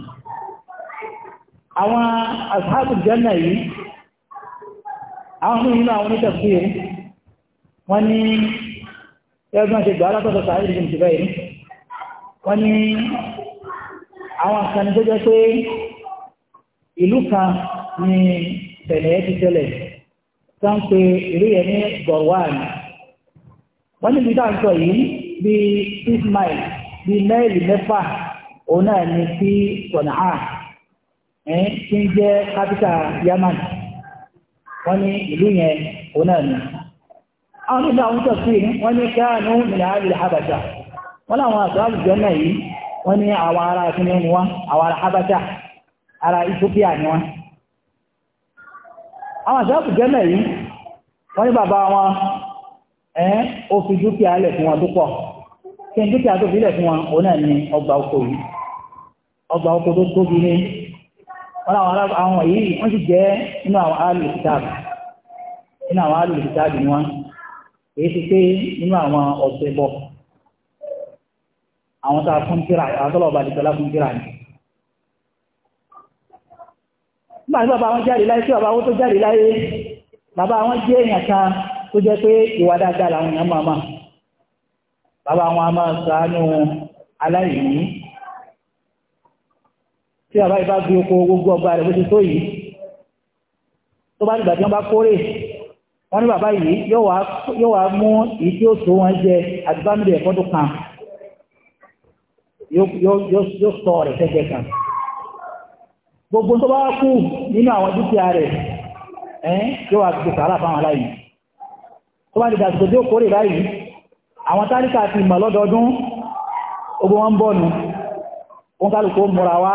àwọn àbábù jẹ̀nà yìí àwọn nínú àwọn onítẹ̀kùn yìí wọ́n ní ẹgbẹ́ ṣe gbà látọ̀tọ̀ sáré ìdíjìn ti bẹ́ẹ̀ wọ́n ní àwọn àkànní tó jẹ́ pé ìlú kan ní tẹ̀lẹ̀ ti tẹ̀lẹ̀ tó ń pe ìlú yẹn ní Gorwan wọ́n níbi tá à ń sọ yìí bí six bí mẹ́ẹ̀lì mẹ́fà òun náà ní sí Sọ̀nà tí ń jẹ́ kápítà Yamani wọ́n ní ìlú yẹn òun náà ni àwọn nígbà àwọn wọ́n habasha wọ́n láwọn wọ́n ni habasha ethiopia ni wọn fi dúkìá lẹ̀ fún wọn wọn àwọn àwọn yìí wọ́n sì jẹ́ nínú àwọn alùpùtàbù nínú àwọn alùpùtàbù ni wọ́n èyí ti pé nínú àwọn ọ̀sẹ̀ bọ̀ àwọn tá a fún tíra àwọn tọ́lọ̀ ọba àdìsọ́lá fún tíra ni. nígbà tí bàbá wọn jáde láyé tí bàbá wọn tó jáde láyé bàbá wọn jẹ́ èèyàn kan tó jẹ́ pé ìwà dáadáa làwọn èèyàn máa máa bàbá wọn a máa ṣàánú aláìní tí bàbá ìbá bí oko gbogbo ọgbà rẹ̀ bó ṣe tó yìí tó bá nígbà tí wọ́n bá kórè wọ́n ní bàbá yìí yóò wá mú èyí tí ó tó wọn jẹ àti bámílì ẹ̀kọ́ tó kan yóò sọ rẹ̀ tẹ́jẹ kan gbogbo tó bá kú nínú àwọn dúkìá rẹ̀ yóò wá gbogbo sàárà fáwọn aláìní tó bá nígbà tó yóò kórè báyìí àwọn tálíkà ti mọ̀ lọ́dọọdún ogun wọn ń bọ̀ nù wọn kálukú múra wá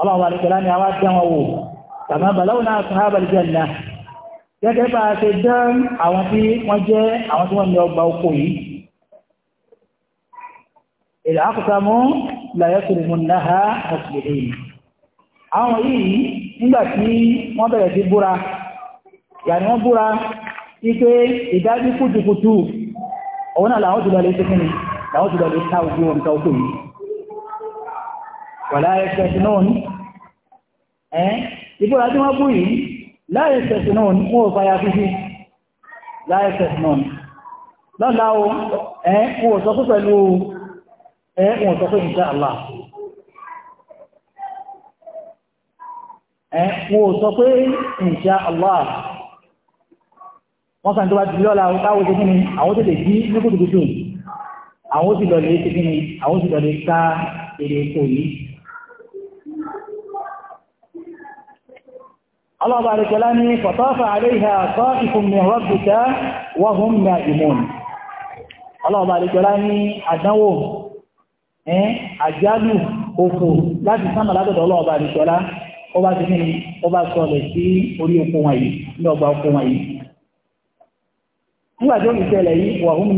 ọlọ́wọ́ alẹ́kẹ̀lá ni a wá dán wọn wò tàbí bàláwò náà sọ hábà lè jẹ́nà gẹ́gẹ́ bá a ṣe dán àwọn tí wọ́n jẹ́ àwọn tí wọ́n ní ọgbà oko yìí èdè àkùsàmú làyẹ́sùn ìmúnáhà ọ̀sùnlẹ̀ yìí àwọn yìí nígbà tí wọ́n wàlá ẹ̀ṣẹ̀ṣẹ̀ náà ní ẹ́ ìbúra tí wọ́n bú yìí láẹ̀ṣẹ̀ṣẹ̀ náà ní wọ́n fàyà fífí láẹ̀ṣẹ̀ṣẹ̀ náà ní lọ́la o ẹ́ wọ́n sọ fún pẹ̀lú ẹ́ wọ́n sọ fún insha Allah ẹ́ wọ́n sọ pé insha Allah wọ́n sàn tó bá ti lọ́la káwọ́ ti kíni àwọn tètè jí ní kùtùkùtù àwọn ti lọ lè ti kíni الله بارك لنا فطاف عليها طائف من ربك وهم نائمون الله بارك لنا عدنوه àjálù òfò láti sánà látọ̀dọ̀ ọlọ́ọ̀bá àdìsọ́lá ó bá ti ní ó bá sọlẹ̀ sí orí oko wọn yìí ní ọgbà oko wọn yìí nígbàtí ó fi ṣẹlẹ̀ yìí wà hún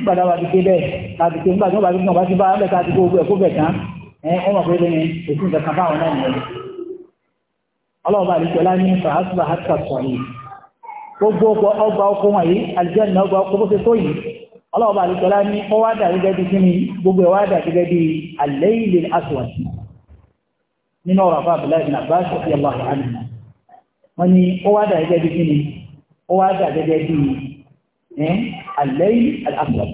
gbàdá wa ti ké bẹ́ẹ̀ láti ké nígbà tí wọ́n bá ti bá ti bá bẹ́ẹ̀ káàkiri gbogbo ẹ̀kọ́ bẹ̀ tán wọ́n mọ̀ pé bẹ́ẹ̀ ni èsì nǹkan kan báwọn náà nìyẹn. ọlọ́run bá àlejò ọlá ní fàásùbà hàtà sọ̀rọ̀ gbogbo ọgbà ọkọ wọn yìí àlùjànnà ọgbà ọkọ bó ṣe tó yìí ọlọ́run bá àlejò ọlá ní ó wá dà gẹ́gẹ́ bí kíni gbogbo ẹ̀ wá dà gẹ́gẹ́ bí al-layl al-aswad nínú ọ̀rọ̀ àbá abdullahi bin abbas ọ̀fi ọlọ́run àná wọn ni ó wá dà gẹ́gẹ́ bí kíni ó wá dà gẹ́gẹ́ bí àlẹ́yìn àlàfọ̀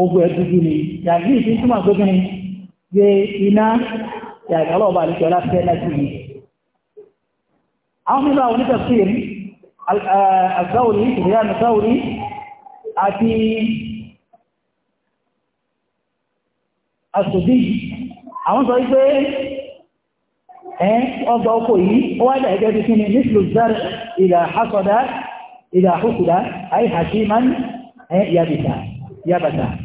ogun ẹ̀dúdú ni yàrá ìdí túmọ̀ gbogbo ni gbé iná yàrá ọlọ́ọ̀bà àti ìjọba fẹ́ láti yìí àwọn mìíràn àwọn onítafsir àgbáwòrí ìrìnà àgbáwòrí àti àṣòdí àwọn sọ wípé ẹ́ ọgbà ọkọ̀ yìí ó wádà ẹgbẹ́ إذا حصل أي حكيما يبتا يبتا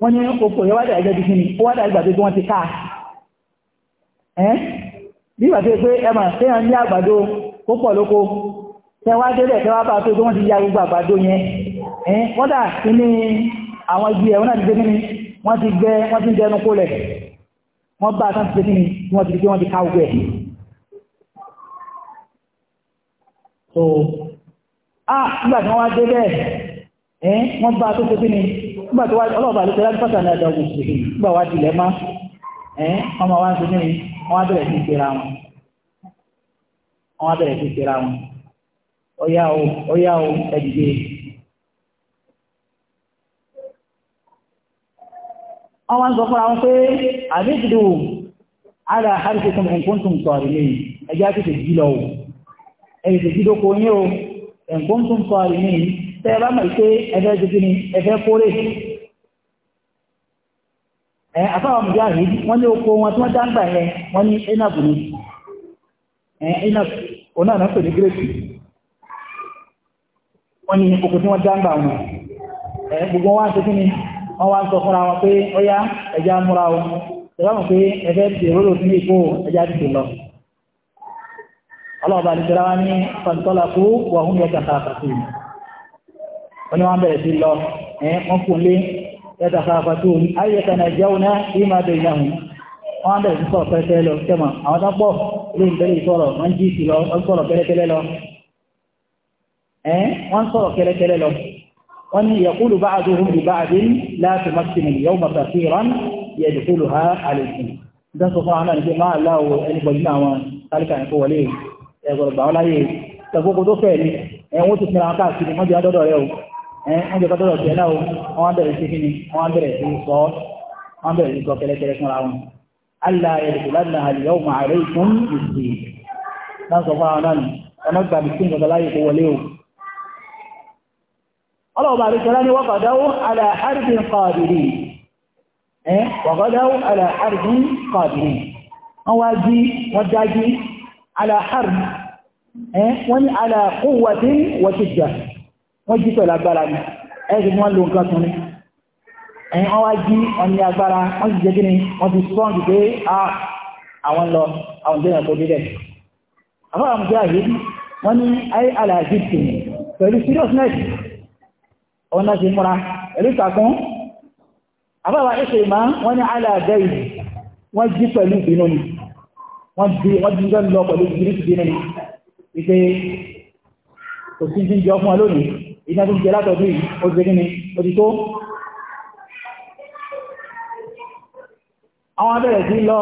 wọ́n ní oko yẹ wádà ẹgbẹ́ bíkíní ó wádà ìgbàdo tí wọ́n ti káà ẹ́ bí wà tó pé ẹmà tẹ́yàn ní àgbàdo ó pọ̀ lóko tẹwàá délẹ̀ tẹwàá bá tó wọ́n ti ya gbogbo àgbàdo yẹn ẹ́ wọ́n dà sí ní àwọn igi ẹ̀ wọ́n náà ti gbé kíní wọ́n ti gbẹ́ wọ́n ti dẹnu kólẹ̀ wọ́n bá tán ti gbé kíní wọ́n ti gbé wọ́n ti ká gbogbo ah nígbà tí wọ́n wá dé bẹ́ẹ̀ ẹ́ wọ́n bá tó ṣe bí ni nígbà tó wá ọlọ́ọ̀bà ló tẹ́lá pátá ní àjọ òṣèlú nígbà wá dilẹ̀ má ẹ́ wọ́n máa wá ń ṣe bí ni wọ́n á bẹ̀rẹ̀ sí ṣera wọn wọ́n á bẹ̀rẹ̀ sí ṣera wọn ọ̀yá o ọ̀yá o ẹ̀dìgbé wọ́n wá ń sọ fúnra wọn pé àbíjìdò ara àríkẹ́kùn nǹkan tó ń sọ àrílẹ̀ ẹ̀já tètè jí lọ o ẹ̀ǹkún tún sọ àrí ní tẹ́ bá mọ̀ pé ẹfẹ́ títí ni ẹfẹ́ kórè ẹ̀ afáwọn ọmọdé àrí wọ́n ní oko wọn tí wọ́n dáńgbà yẹn wọ́n ní enabu ni ẹ̀ enabu oná àná pè ní gírèsì wọ́n ní oko tí wọ́n dáńgbà wọn ẹ̀ gbogbo wọn títí ni wọ́n wá ń sọ fúnra wọn pé ó yá ẹja múra ọlọ́ọ̀bá alìsẹ́ra wá ní fàntọ́làkú wàhún yẹ́tàfàfàtù wọn ni wọ́n bẹ̀rẹ̀ sí lọ wọ́n kún lé yẹ́tàfàfàtù ayẹ́tàna jẹun náà ìmá bẹ̀ ìyàwó wọ́n bẹ̀rẹ̀ sí sọ̀rọ̀ pẹ́rẹ́tẹ́ lọ tẹ́mọ̀ àwọn tó pọ̀ ha àlèkùn. Ìjọ́sọ̀fọ́ àwọn àìsí máa ẹni pọ̀jú àwọn tálíkà ẹ̀kọ́ wọlé ẹgbọ̀rọ̀ gbà ọ́ láyé ẹgbogbo tó fẹ́ ní ẹ̀wọ́n ti sinra káàkiri wọ́n jẹ́ adọ́dọ̀ rẹ o wọ́n jẹ́ adọ́dọ̀ tẹ̀ náà o wọ́n bẹ̀rẹ̀ sí kí ni wọ́n bẹ̀rẹ̀ sí sọ wọ́n bẹ̀rẹ̀ sí sọ kẹ́lẹ́kẹ́lẹ́ fúnra wọn. alá ẹ̀rẹ̀kù lánàá àlùyá ọmọ ààrẹ ìtún ìsì náà sọ fún àwọn náà ọmọ gbà mí sí nǹkan kó wọlé o ala harb eh, wọ́n ní ala quwwatin wa shiddah wọ́n jí pẹ̀lú agbára ni ẹ̀sìn wọ́n lo nǹkan tún ní ẹ̀yìn wọ́n wá jí wọ́n ní agbára wọ́n ti jẹ́ kí ni wọ́n ti strong pé ah, àwọn lọ àwọn jẹ́ ìyàtọ̀ délẹ̀ àwọn àmì jẹ́ àyè wọ́n ní ayé ala jìtì pẹ̀lú seriousness wọ́n jí pẹ̀lú ìbínú ni wọ́n di wọ́n di jọ lọ pẹ̀lú gírísì nínú ìpé kò sí jíjọ fún ọ lónìí iná tó jẹ látọ̀dún yìí ó ti gíní ó ti tó àwọn abẹ́rẹ̀ sí lọ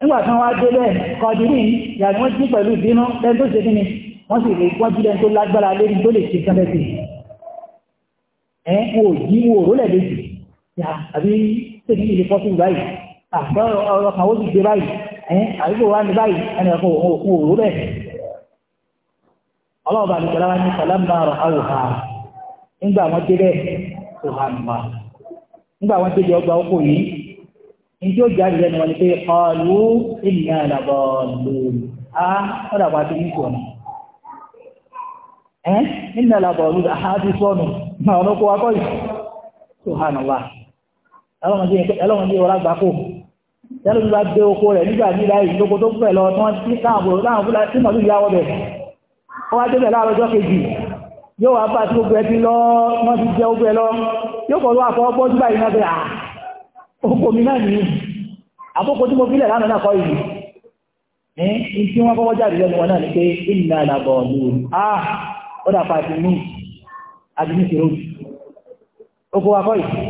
nígbà tí wọ́n dé bẹ́ẹ̀ kọjú ní ìyá ni wọ́n ti pẹ̀lú ìbínú lẹ́ni tó ṣe gíní wọ́n sì lè wọ́n jí lẹ́ni tó lágbára lérí tó lè ṣe kẹ́fẹ́ sí ẹ̀ wò yí wò rólẹ̀ lójú àbí tèmi ìlú pọ́sí báyìí àbọ̀ ọ̀rọ̀ kan ó sì gbé báyìí ẹ́ àdúgbò wa ní báyìí ẹni ẹ̀kọ́ òun òkú òru bẹ́ẹ̀ ọlọ́ọ̀bà ní kẹlẹ́ wa ní sàlámà rọ̀ àwòhà nígbà wọn dé bẹ́ẹ̀ tó hà nùmá nígbà wọn dé ọgbà oko yìí njó jáde lẹ́nu wọn ni pé ọlú ìnìyà àdàbọ̀ lòlù á ọ̀dà wa ti ní sọ̀nù ẹ́ ìnìyà àdàbọ̀ lòlù á ti sọ̀nù máa ọ̀nà kó wa kọ́ yìí tó hà nùmá ẹlọ́mọdé ọlá gbàkó tẹ́lú bí bá gbé oko rẹ̀ nígbà ní láì lóko tó pẹ̀ lọ tán tí káàbò láàrín fúlá tí màlúù yáwọ́ bẹ̀ ó wá débẹ̀ láàrọ̀ ọjọ́ kejì yóò wá bá tí gbogbo ẹ ti lọ wọ́n ti jẹ́ ogun ẹ lọ yóò kọ̀ lọ àkọ́ ọgbọ́n jùlọ ìrìnà bẹ̀ àkókò mi náà nìyí àkókò tí mo fílẹ̀ lánàá náà kọ́ ìlú ní tí wọ́n kọ́kọ́ jáde lẹ́nu wọn náà ni pé ìlú àlàbọ̀ ọ̀lú ah ó dà pa àti mú àti ní ìṣòro oko wa kọ́ ìlú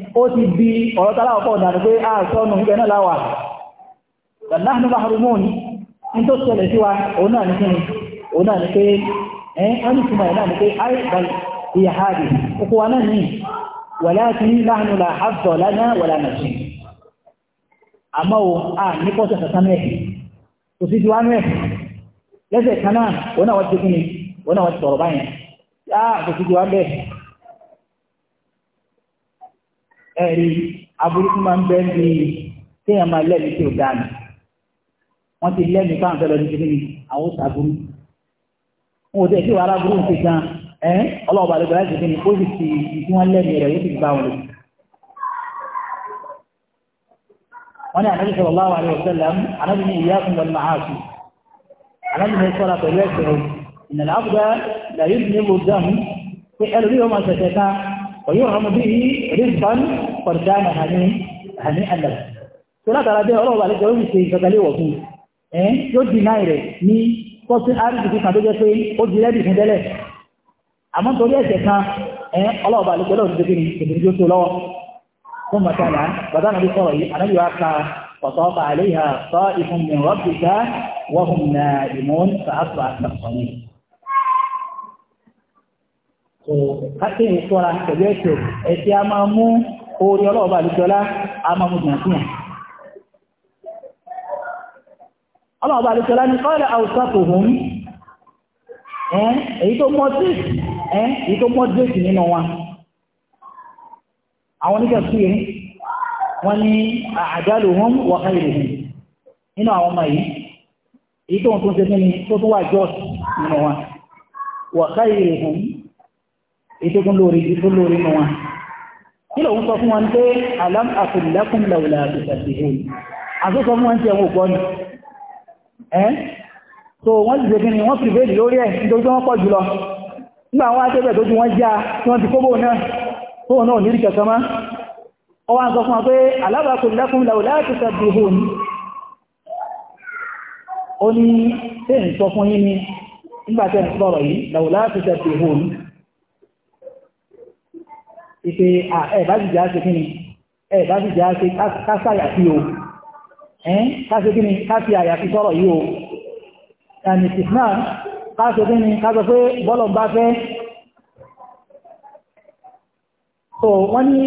ó ti di ọ̀rọ̀ tàbí ọ̀pọ̀ ọ̀dà pé a ah, sọ́nù ń gẹ̀ẹ́nà láwà nahnu mahrumun ní tó sọlẹ̀ sí wa òun náà ní kíni òun náà ní pé ẹ́ wọ́n ní túnmọ̀ ẹ̀ náà ní pé ai bal ìyàhádi òkú wa náà ní walakin nahnu la hafza lana wala nàṣì àmọ́ o a ní pọ́sẹ̀ sàtánú ẹ̀ kò sí juwánú ẹ̀ lẹ́sẹ̀ kanáà òun náà wọ́n ti kíni òun náà wọ́n ti sọ̀rọ̀ báyẹn ẹ̀rí aburúkú máa ń bẹ́ ní téèyàn máa lẹ́nu tí ò dáa nù wọ́n ti lẹ́nu fáwọn fẹ́ lọ ní kíní àwọn sàbúrú wọn ò tẹ̀ sí wàhálà burú ti gan ẹ́ ọlọ́ọ̀bà ló gbọ́dọ̀ kíní ó sì ti ìdí wọn lẹ́nu rẹ̀ ó sì gbà wọn lò. wọ́n ní ànábì sallallahu alaihi wasallam ànábì ní iyyakum wal ma'asi ànábì ní sọ́ra pẹ̀lú ẹ̀sẹ̀ ويرهم به رزقا قد كان هنيئا له tọ́lá tààrà bẹ́ ọlọ́wà lẹ́jọ́ ó ń ṣe ìgbẹ̀gbẹ̀lẹ̀ wọ̀fún ẹ́ yóò di náà rẹ̀ ní pọ́sí rgb kan tó jẹ́ pé ó di rẹ́bì fún tẹ́lẹ̀ àmọ́ torí ẹ̀ṣẹ̀ kan ẹ́ ọlọ́wà lẹ́jọ́ lọ́wọ́ tó kéde ìgbẹ̀gbẹ̀ tó tó lọ́wọ́ fún mọ̀tánà bàbá nàbí sọ̀rọ̀ yìí anábì wa ka ọ̀tọ̀ ọ̀fà àléhà sọ ìfún mi rọ́bì ká wọ́n hùn náà ìmọ̀ ń sàásù àtàkùn káṣí ń sọ́ra pẹ̀lú ẹ̀ṣẹ̀ ẹ̀ṣẹ̀ a máa mú orí ọlọ́ọ̀bá àlùjọlá a máa mú jìnàfihàn ọlọ́ọ̀bá àlùjọlá ní kọ́lẹ̀ àwùsàkòhùn èyí tó mọ́ déètì nínú wa àwọn oníkẹ́ sí rí wọ́n ní àjálùhún wọ̀ká ìrìhìn nínú àwọn ọmọ yìí èyí tó ń tún ṣe nínú tó tún wà jọ́ọ̀sì nínú wa wọ̀ká ìrìhìn ìṣẹ́gun lórí ìṣó lórí mọ́ wọn kí lòun sọ fún wọn pé alam àfìlẹ́kùn lọ́wọ́lá àtìsàtì hù àtúnṣọ fún wọn tí ẹwọ́n gbọ́ ni ẹ́ so wọ́n ti ṣègbè ni wọ́n fi bẹ́ẹ̀lì lórí ẹ̀ nítorí wọ́n pọ̀ jùlọ nígbà wọn àtẹ́bẹ̀ tó ju wọn já tí wọ́n ti kóbò náà tóun náà nírí kẹsàn alam àfìlẹ́kùn lọ́wọ́lá àtìsàtì hù ni ó ní tẹ́ẹ̀ sọ fún yín ni nígbà tẹ́ẹ̀ sọ̀rọ̀ yìí lọ́wọ́lá àtìsàtì ìpè ẹ̀bájìjá ṣe kí ni ẹ̀bájìjá ṣe kásàyà sí o ẹ́n káṣe kí ni káṣe àyà sí sọ́rọ̀ yìí o ẹni tí náà káṣe kí ni káṣe pé bọ́lọ̀ bá fẹ́ so wọ́n ní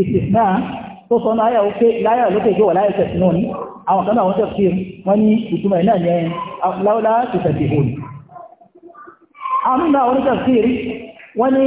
ìsìsná tó sọ náà láyà lókè gbé wà láyà tẹ̀sí náà ní àwọn kan náà wọ́n tẹ̀sí wọ́n ní ìtumọ̀ náà ní láwọ́lá ti tẹ̀sí òní àwọn náà wọ́n tẹ̀sí wọ́n ní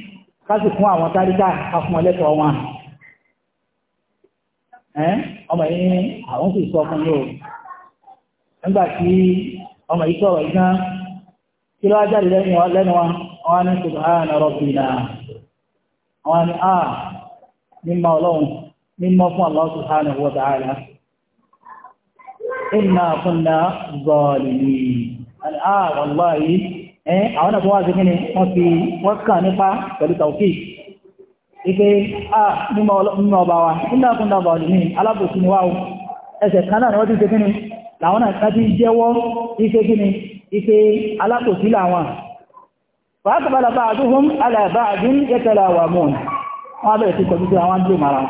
káṣù fún àwọn táríkà ha ọlẹ́tọ̀ wọn ẹ́n ọmọ yìí ní àwọn sì sọ fún yóò nígbà tí ọmọ yìí sọ̀rọ̀ yìí kí ló wá jáde lẹ́nu wọn wọn ní a mímọ́ ọlọ́run mímọ́ fún Allah subhanahu wa ta'ala inna kunna zalimin àni a wallahi yìí ẹ́ àwọn náà tó wá sí kí ni wọ́n fi wọ́n kàn nípa pẹ̀lú tàùkì ike a mímọ̀ ọba wa nígbà kún dábà ọdún ní alábòsí ni wá o ẹsẹ̀ kan náà ni wọ́n ti ṣe kí ni làwọn náà kan ti jẹ́wọ́ ike kí ni ike alábòsí làwọn fàákàbàlà bá àdúhùn alàbá àdún yẹ́tẹ̀lá wà mọ́ wọn bẹ̀rẹ̀ sí kọjú sí àwọn àdúrà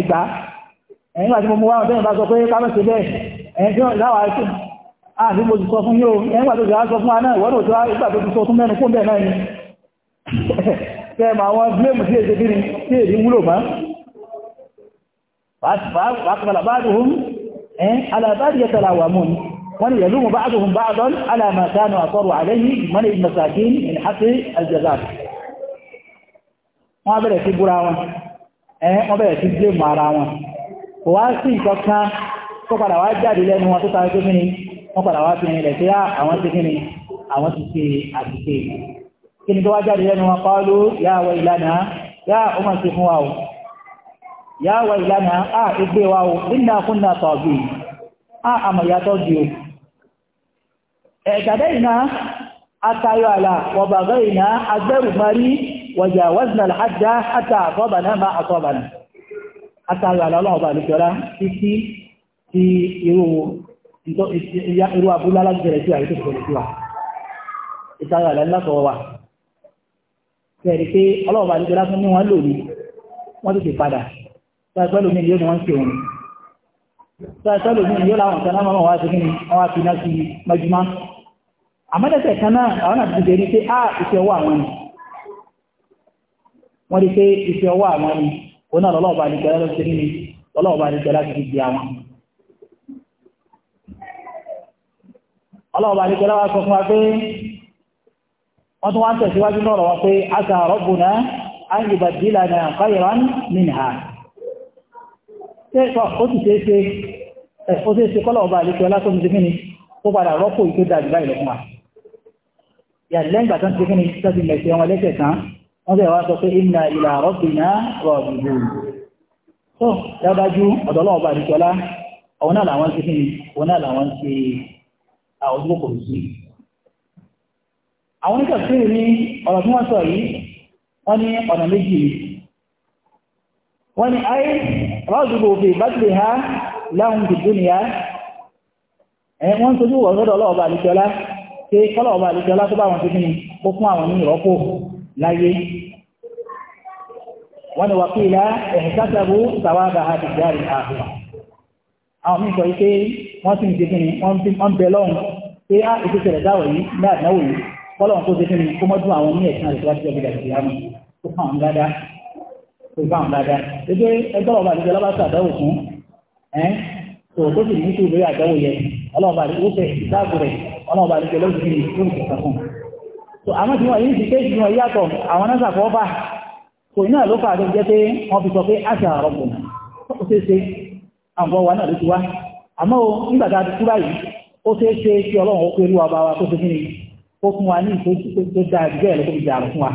tí wọ́n ẹ̀yìn àti mọ̀mọ́ wáwọn tẹ́yìn bá sọ pé kámẹ́sì bẹ́ẹ̀ ẹ̀yìn tí láwàá tí a ní mo ti sọ fún yóò ẹ̀yìn pàtó ìjọ sọ fún aná ìwọ́n tó ìgbà tó ti sọ fún mẹ́nu fún bẹ́ẹ̀ náà ni tẹ́ẹ̀mà [laughs] àwọn bílẹ̀mù sí èdè bírin tí èdè wọ́n bẹ̀rẹ̀ sí búra wọn ẹ̀yìn wọ́n bẹ̀rẹ̀ sí bílẹ̀mù ara wọn kò wá sí ìkọ̀kan kó padà wá jáde lẹ́nu wọn tó sáré pé kíni wọ́n padà wá fi ẹni rẹ̀ pé ah, àwọn ti kíni àwọn ti ṣe àṣìṣe kíni tó wá jáde lẹ́nu wọn pàálù yáwọ ìlànà yá ó máa ṣe fún wa o yáwọ ìlànà á ẹgbẹ́ wa o nínú àkúnnà tọ̀gbì á ah, àmọ̀yàtọ̀ di o ẹ̀ẹ̀kàdẹ́ ìná atayọ àlà wọ̀bàgọ́ ìná agbẹ́rùmarí wọ̀jà wọ́n àtàrí àlọ́lọ́ọ̀bà àlùjọ́lá títí tí irú abúlá lágbẹ̀rẹ̀ sí àyíkò ìṣẹ̀lẹ̀ sí wa ìtàrí àlọ́lọ́sọ̀rọ̀ wa kẹ́rì pé ọlọ́ọ̀bà àlùjọ́lá fún ní wọ́n lò ní wọ́n ti padà pẹ́lú ni yóò ní wọ́n ń ṣe òun ni yóò láwọn kan náà wá ni wọ́n wá fi náà sí mọ́júmọ́ àmọ́dẹ́sẹ̀ kan náà àwọn àti ìdẹ̀rí pé á ìṣẹ́ ọwọ́ àwọn ni wọ́n rí pé ìṣẹ́ ọwọ́ òun náà lọ́lọ́ọ̀bá àdìgbẹ́lá ló ṣe nínú lọ́lọ́ọ̀bá àdìgbẹ́lá ti di àwọn ọlọ́ọ̀bá àdìgbẹ́lá wá sọ fún wa pé wọ́n tún wá ń tẹ̀síwájú náà lọ́wọ́ pé asa rabbuna an yubaddilana khayran minha tẹ́ẹ̀kọ́ ó ti ṣe é ṣe ó ṣe é ṣe kọ́lọ̀ọ̀bá àdìgbẹ́lá tó ń ṣe kíni ó padà rọ́pò ìtó dàgbà ìlọ́kùnmá yà lẹ́yìn gbàtán ṣe kíni tó ti mẹ̀sẹ̀ lẹ́sẹ̀ tán wọ́n tẹ̀ wá sọ pé inna ila rabbina raji'un tó dábájú ọ̀dọ́lọ́wọ́ bá àdìsọ́lá ọ̀hún náà làwọn ti fi ọ̀hún náà làwọn ti àwọn sí àwọn oníkàtúrì ní ọ̀rọ̀ tí wọ́n sọ yìí wọ́n ní ọ̀nà méjì wọ́n ní ayé fi ha láhùn ya ẹ̀ wọ́n láyé wọ́n ni wàkílá ẹ̀hẹ́sátàbù sàwádà àti ìdárí àhùwà àwọn mí sọ ike wọ́n sì ń ṣe kíni wọ́n bẹ lọ́hùn pé á ètò ìṣẹ̀lẹ̀ dáwọ̀ yìí ní àdáwò yìí fọ́lọ́hùn tó ṣe kíni kó mọ́dún àwọn ní ẹ̀sìn àti ìwádìí ọ̀gbìn àti ìyáàmù tó fún àwọn dáadáa tó fún àwọn dáadáa gbogbo ẹgbẹ́ ọba àti ìjọba sọ àdáwò fún ẹ́ tó tó sì ní kí ìwé àdáwò yẹ ọlọ́ọ̀bà àti ìwé so àmọ́ tí wọ́n yìí ti kéèkì wọn yàtọ̀ àwọn náà sàkọ́ bá kò iná ló fà tó jẹ́ pé wọ́n fi sọ pé àṣà àrọ̀pọ̀ ó ṣe é ṣe àwọn wa náà ló ti wá àmọ́ o nígbà tá a ti kúrà yìí ọlọ́run ó pẹ̀lú ọba wa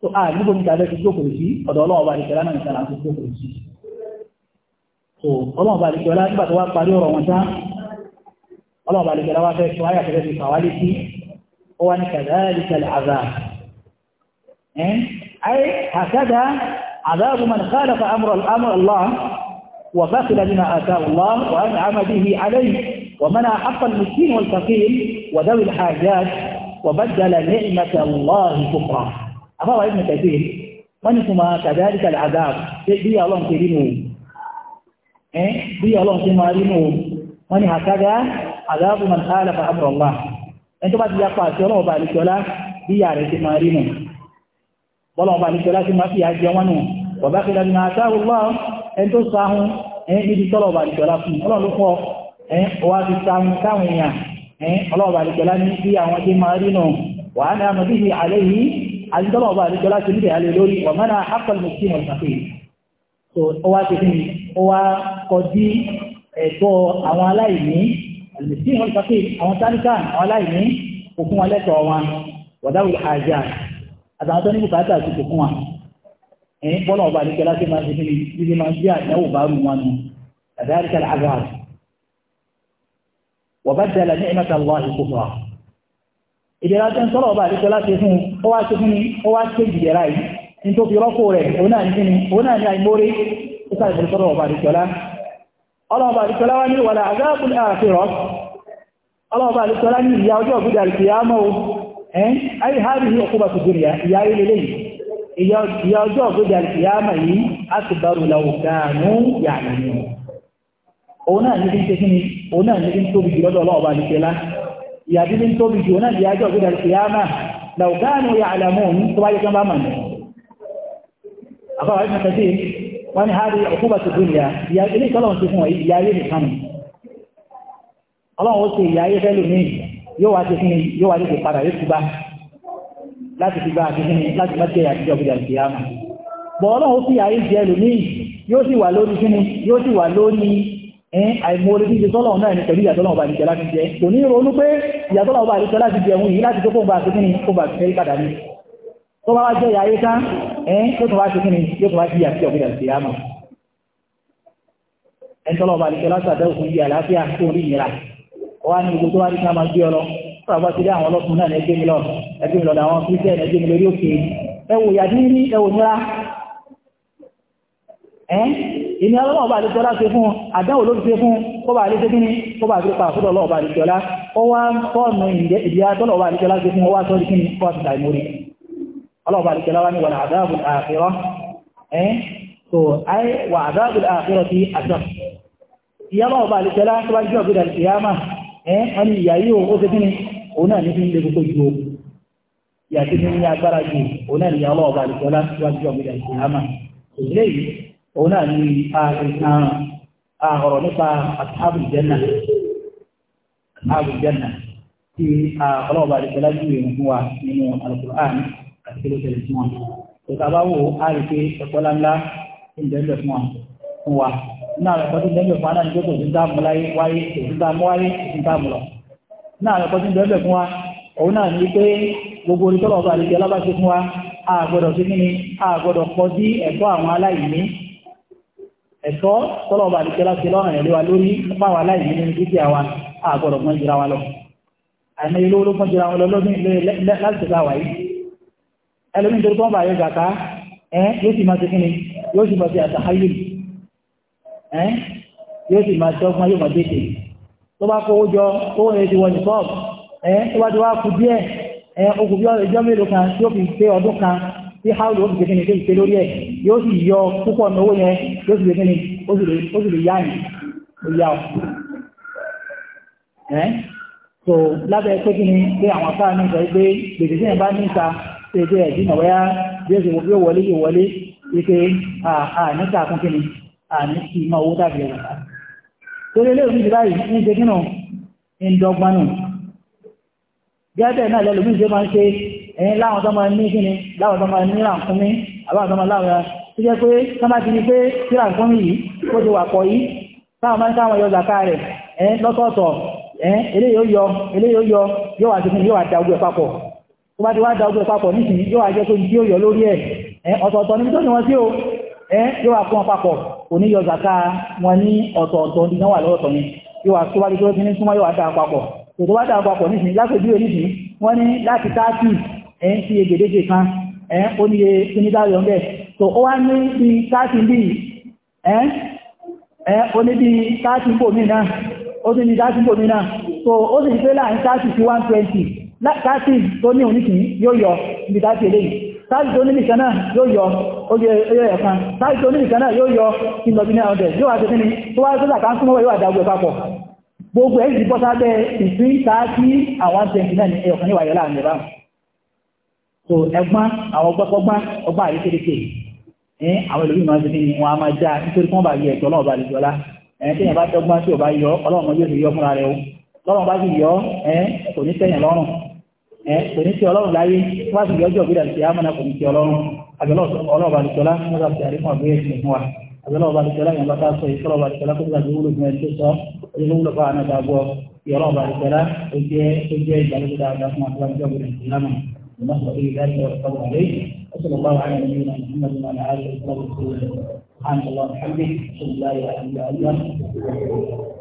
so a níbo ní tàbí ti jókòó sí ọ̀dọ̀ ọlọ́run ọba àdìsẹ́lá náà nìkan so ọlọ́run ọba àdìsẹ́lá nígbà tó wá parí ọ̀rọ̀ wọn tán ọlọ́run ọba àdìsẹ́lá wá fẹ́ sọ ayàtọ̀ fẹ́ fi kàwálé sí هو كذلك العذاب إيه؟ أي هكذا عذاب من خالف أمر الأمر الله وبخل بما آتاه الله وأنعم به عليه ومنع حق المسكين والفقير وذوي الحاجات وبدل نعمة الله كفرا أخوة ابن كثير ثم كذلك العذاب بي الله كريمه بي إيه؟ الله كريمه هكذا عذاب من خالف أمر الله ẹni tó bá ti yapa àti ọlọ́wọ́ bá àlìṣọ́lá bí ìyá rẹ̀ ti máa rí nù bọ́lọ́wọ́ bá àlìṣọ́lá ti máa fi ìyá jẹ wọn nù bàbá fi lẹ́nu àti àwòrán ẹni tó sáhun ẹni níbi tọ́lọ́wọ́ bá àlìṣọ́lá fún ọlọ́run ló kọ́ ẹni wá fi sáhun káwọn èèyàn ẹni ọlọ́wọ́ bá àlìṣọ́lá ní bí àwọn ti máa àlùmísìn wọn kàfé àwọn táníkà àwọn aláìní kò fún wọn lẹ́tọ̀ọ́ wọn wọ̀dáwì àjà àtàwọn tó ní bùkátà ti kò fún wa ẹ̀yìn bọ́lá ọba àdìkẹ́ láti máa ṣe kí ni máa bí àdáwò bá rù wọn nù àdáríkà àgbà wọ̀bádàlà ní ẹ̀mẹ́ta lọ́wọ́ àdìkò ìdẹ̀ra tẹ́ ń sọ́rọ̀ ọba àdíkọ́ láti fún ó wá ṣe fún ní ó wá ṣe ìdẹ̀ra yìí ní rọ́pò rẹ̀ òun náà ní ọlọ́ọ̀bà àdìsọ́lá wá ní wàlá àgáàbùn àfihàn ọlọ́ọ̀bà àdìsọ́lá ní ìyá ọjọ́ ọ̀gbùdà ìkìyàmọ́ ẹn ayé hàrí ní ọkọ̀ bàtù dúnìyà ìyá ilé lẹ́yìn ìyá ọjọ́ ọ̀gbùdà ìkìyàmọ́ yìí a ti bá rùlà òkàánú yàrá ní òun náà ní bí ń ṣe kí ni òun náà ní bí ń tóbi jù wọ́n ní hádé ọkúbà tó dúnyà ilé ìtọ́lọ̀wọ̀n ti fún wọn ìyá ayé nìkan ni ọlọ́run ó ṣe ìyá ayé fẹ́ lómi yóò wá ti fún ni yóò wá tètè padà yóò túbá láti fi bá àti fún ni láti má jẹ́ àtijọ́ òkúta ìdí àmà bọ̀ ọlọ́run ó sì ayé jẹ́ lómi yóò sì wà lórí fún ni yóò sì wà lórí àìmọ̀ọ́lé tí ìtọ́lọ̀wọ̀n náà ní pẹ̀lú jẹ́ láti àti fún tó bá wá jẹ́ ìyá ayé tán ẹ́n tó tó wá ṣe kíni yóò tó wá sí àti ọ̀gbìn àti ìyá mọ̀ ẹni tọ́lọ̀ ọba àdìsẹ́ láti àdáwò fún iye àlàáfíà tó rí ìnira wá ní gbogbo tó wá ní ká máa gbé ọ lọ tó àgbà ti dé àwọn ọlọ́kùnrin náà ẹgbẹ́ mi lọ ẹgbẹ́ mi lọ àwọn kristian ẹgbẹ́ mi lórí òkè ẹwò ìyàdí ní ẹwò nira ẹ́n ìní ọlọ́wọ́ ọba àdìsẹ́ ọlá ṣe fún ọlọ́ọ̀bá àdìkẹ́láwá ní wàlá àdáàbù àkírọ́ ẹ́ so ayé wà àdáàbù àkírọ́ ti àjọ ìyá ọlọ́ọ̀bá àdìkẹ́lá tó bá jẹ́ ọ̀gbẹ́dà ìyáàmà ẹ́ wọ́n ní ìyá yìí ó ṣe kíni òun náà ní fi ń lè gbogbo ju ìyá tí ní ní agbára ju òun náà ní ìyá ọlọ́ọ̀bá àdìkẹ́lá tó bá jẹ́ ọ̀gbẹ́dà ìyáàmà òṣèlè yìí òun Al-Qur'an àti kí ló tẹ̀lé sí wọn. Tòtà bá wò á rí pé ẹ̀kọ́ ńláńlá ń bẹ̀rẹ̀ fún wa fún wa. Nínú àwọn ẹ̀kọ́ tó ń bẹ̀rẹ̀ fún wa náà ni pé kò sí dáàmú láyé wáyé kò sí dáàmú wáyé kò sí dáàmú lọ. Nínú àwọn ẹ̀kọ́ tó ń bẹ̀rẹ̀ fún wa òun náà ni pé gbogbo olùtọ́lọ̀ ọba àlejò alábàṣe fún wa a gbọ́dọ̀ sí kíni a gbọ́dọ̀ kọ sí ẹ̀tọ́ àwọn aláìní ẹ̀tọ́ tọ́lọ̀ ọba àlejò aláṣẹ lọ́rùn ẹ̀lẹ́ wa lórí fún àwọn aláìní nínú dúkìá wa a gbọ́dọ̀ pọ́n jira wa lọ àìmọye lówó ló pọ́n jira wọn lọ lọ́dún láti ṣe láwàá yìí ẹlòmí tó tán bá yọ gàká ẹ́ yóò sì máa ti kíni yóò sì máa ti àtàháyè ẹ́ yóò sì máa dọ́gbọ́n yóò máa dèkè tó bá kówó jọ owó rẹ̀ ti wọ ní pọ́ọ̀bù ẹ́ tó bá ti wá kú díẹ̀ ẹ́ okùn bí ọ̀rọ̀ ìjọ mélòó kan tí ó fi pé ọdún kan tí háùlù ó fi kíni tó fi pé lórí ẹ̀ yóò sì yọ púpọ̀ ní owó yẹn yóò sì lè kíni ó sì lè yá yìí ó yá ọ ẹ́ so lábẹ́ pé kíni pé àwọn afáàní sọ pé gbèdéṣẹ́ yẹn bá ní ìta ṣe ẹ̀dí náà wáyá bí ó ṣe mo fi ó wọlé yìí wípé àní sàkún kí ni àní kí mọ owó tàbí ẹ̀rọ ká torí ilé òmìnir báyìí ń ṣe kínú ń dọ́gbọ́n nù gẹ́gẹ́ náà lẹ́lòmí ṣe máa ń ṣe ẹ̀yìn láwọn tó máa ní kí ni láwọn tó máa ní ràǹkúnmí àbáwọn tó máa láwọn tó jẹ́ pé sọ́mà ti ní pé tí ràǹkúnmí yìí ó ti wà pọ̀ yìí táwọn máa ń káwọn yọ zàká rẹ̀ ẹ̀yìn lọ́tọ̀ọ̀tọ̀ ẹ̀yìn eléyìí ó yọ tó bá ti wá da ọgbẹ́ papọ̀ nísìnyí yóò wá jẹ́ pé tí ó yọ lórí ẹ̀ ọ̀tọ̀ọ̀tọ̀ níbi tó ní wọn sí o yóò wá fún wọn papọ̀ kò ní yọ zaka wọn ní ọ̀tọ̀ọ̀tọ̀ nígbà wà lọ́wọ́tọ̀ ni yóò wá tó bá ti tó ti ní súnmọ́ yóò wá da papọ̀ tó tó bá da papọ̀ nísìnyí lápẹ̀jú ẹ̀ nísìnyí wọ́n ní láti táàtì ẹ̀ ń fi egèdéke kan ẹ̀ ó ní iye kínídàáyọ̀ ńbẹ̀ tó ó wá ní bí táàtì bí one twenty láti tó ní oníkìí yóò yọ ibi tàbí eléyìí táàrí tó níbi kanáà yóò yọ oye ẹ̀kan táàrí tó níbi kanáà yóò yọ ìlọ̀bí náà ọ̀dẹ̀ yóò wá tó kíni tó wá tó làkà ń súnmọ́ yóò àdágbé papọ̀ gbogbo ẹ̀sì bọ́ sábẹ́ ìpín tàbí àwọn tẹ̀sì náà ní ẹ̀kan níwà yọ́lá àmì ìbámu so ẹgbọ́n àwọn ọgbọ́gbọ́n ọgbọ́n àríkèrèkè ní àwọn ìlú ìmọ̀ sí ni wọn a máa já nítorí kán bá yẹ ẹ̀tọ́ ọlọ́ọ̀bá àlejòọlá ẹ̀ tẹ́yìn bá tọ́gbọ́n tí ò bá yọ ọlọ́run yóò sì yọ fúnra rẹ̀ o lọ́run bá sì yọ ẹ̀ kò ní tẹ́yìn lọ́rùn ẹ̀ kò ní sí ọlọ́run láyé wá sí ìyọjọ́ òbí dàbí àmọ́nà kò ní sí ọlọ́run àbẹ̀lọ́ọ̀bà nìkọ́lá mọ́tà sí àríkùn àgbé ẹ̀sìn fún wa àbẹ̀lọ́ọ̀bà nìkọ́lá yẹn bá ká sọ ìfọ́lọ́ọ̀bà nìkọ́lá kó gbàgbé wúlò fún ẹni tó sọ ẹni wúlò fún àwọn àgbàgbọ́ ìyọ́lọ́ọ̀bà nìkọ́lá ó jẹ́ ó jẹ́ ìgbàlódé dáadáa fún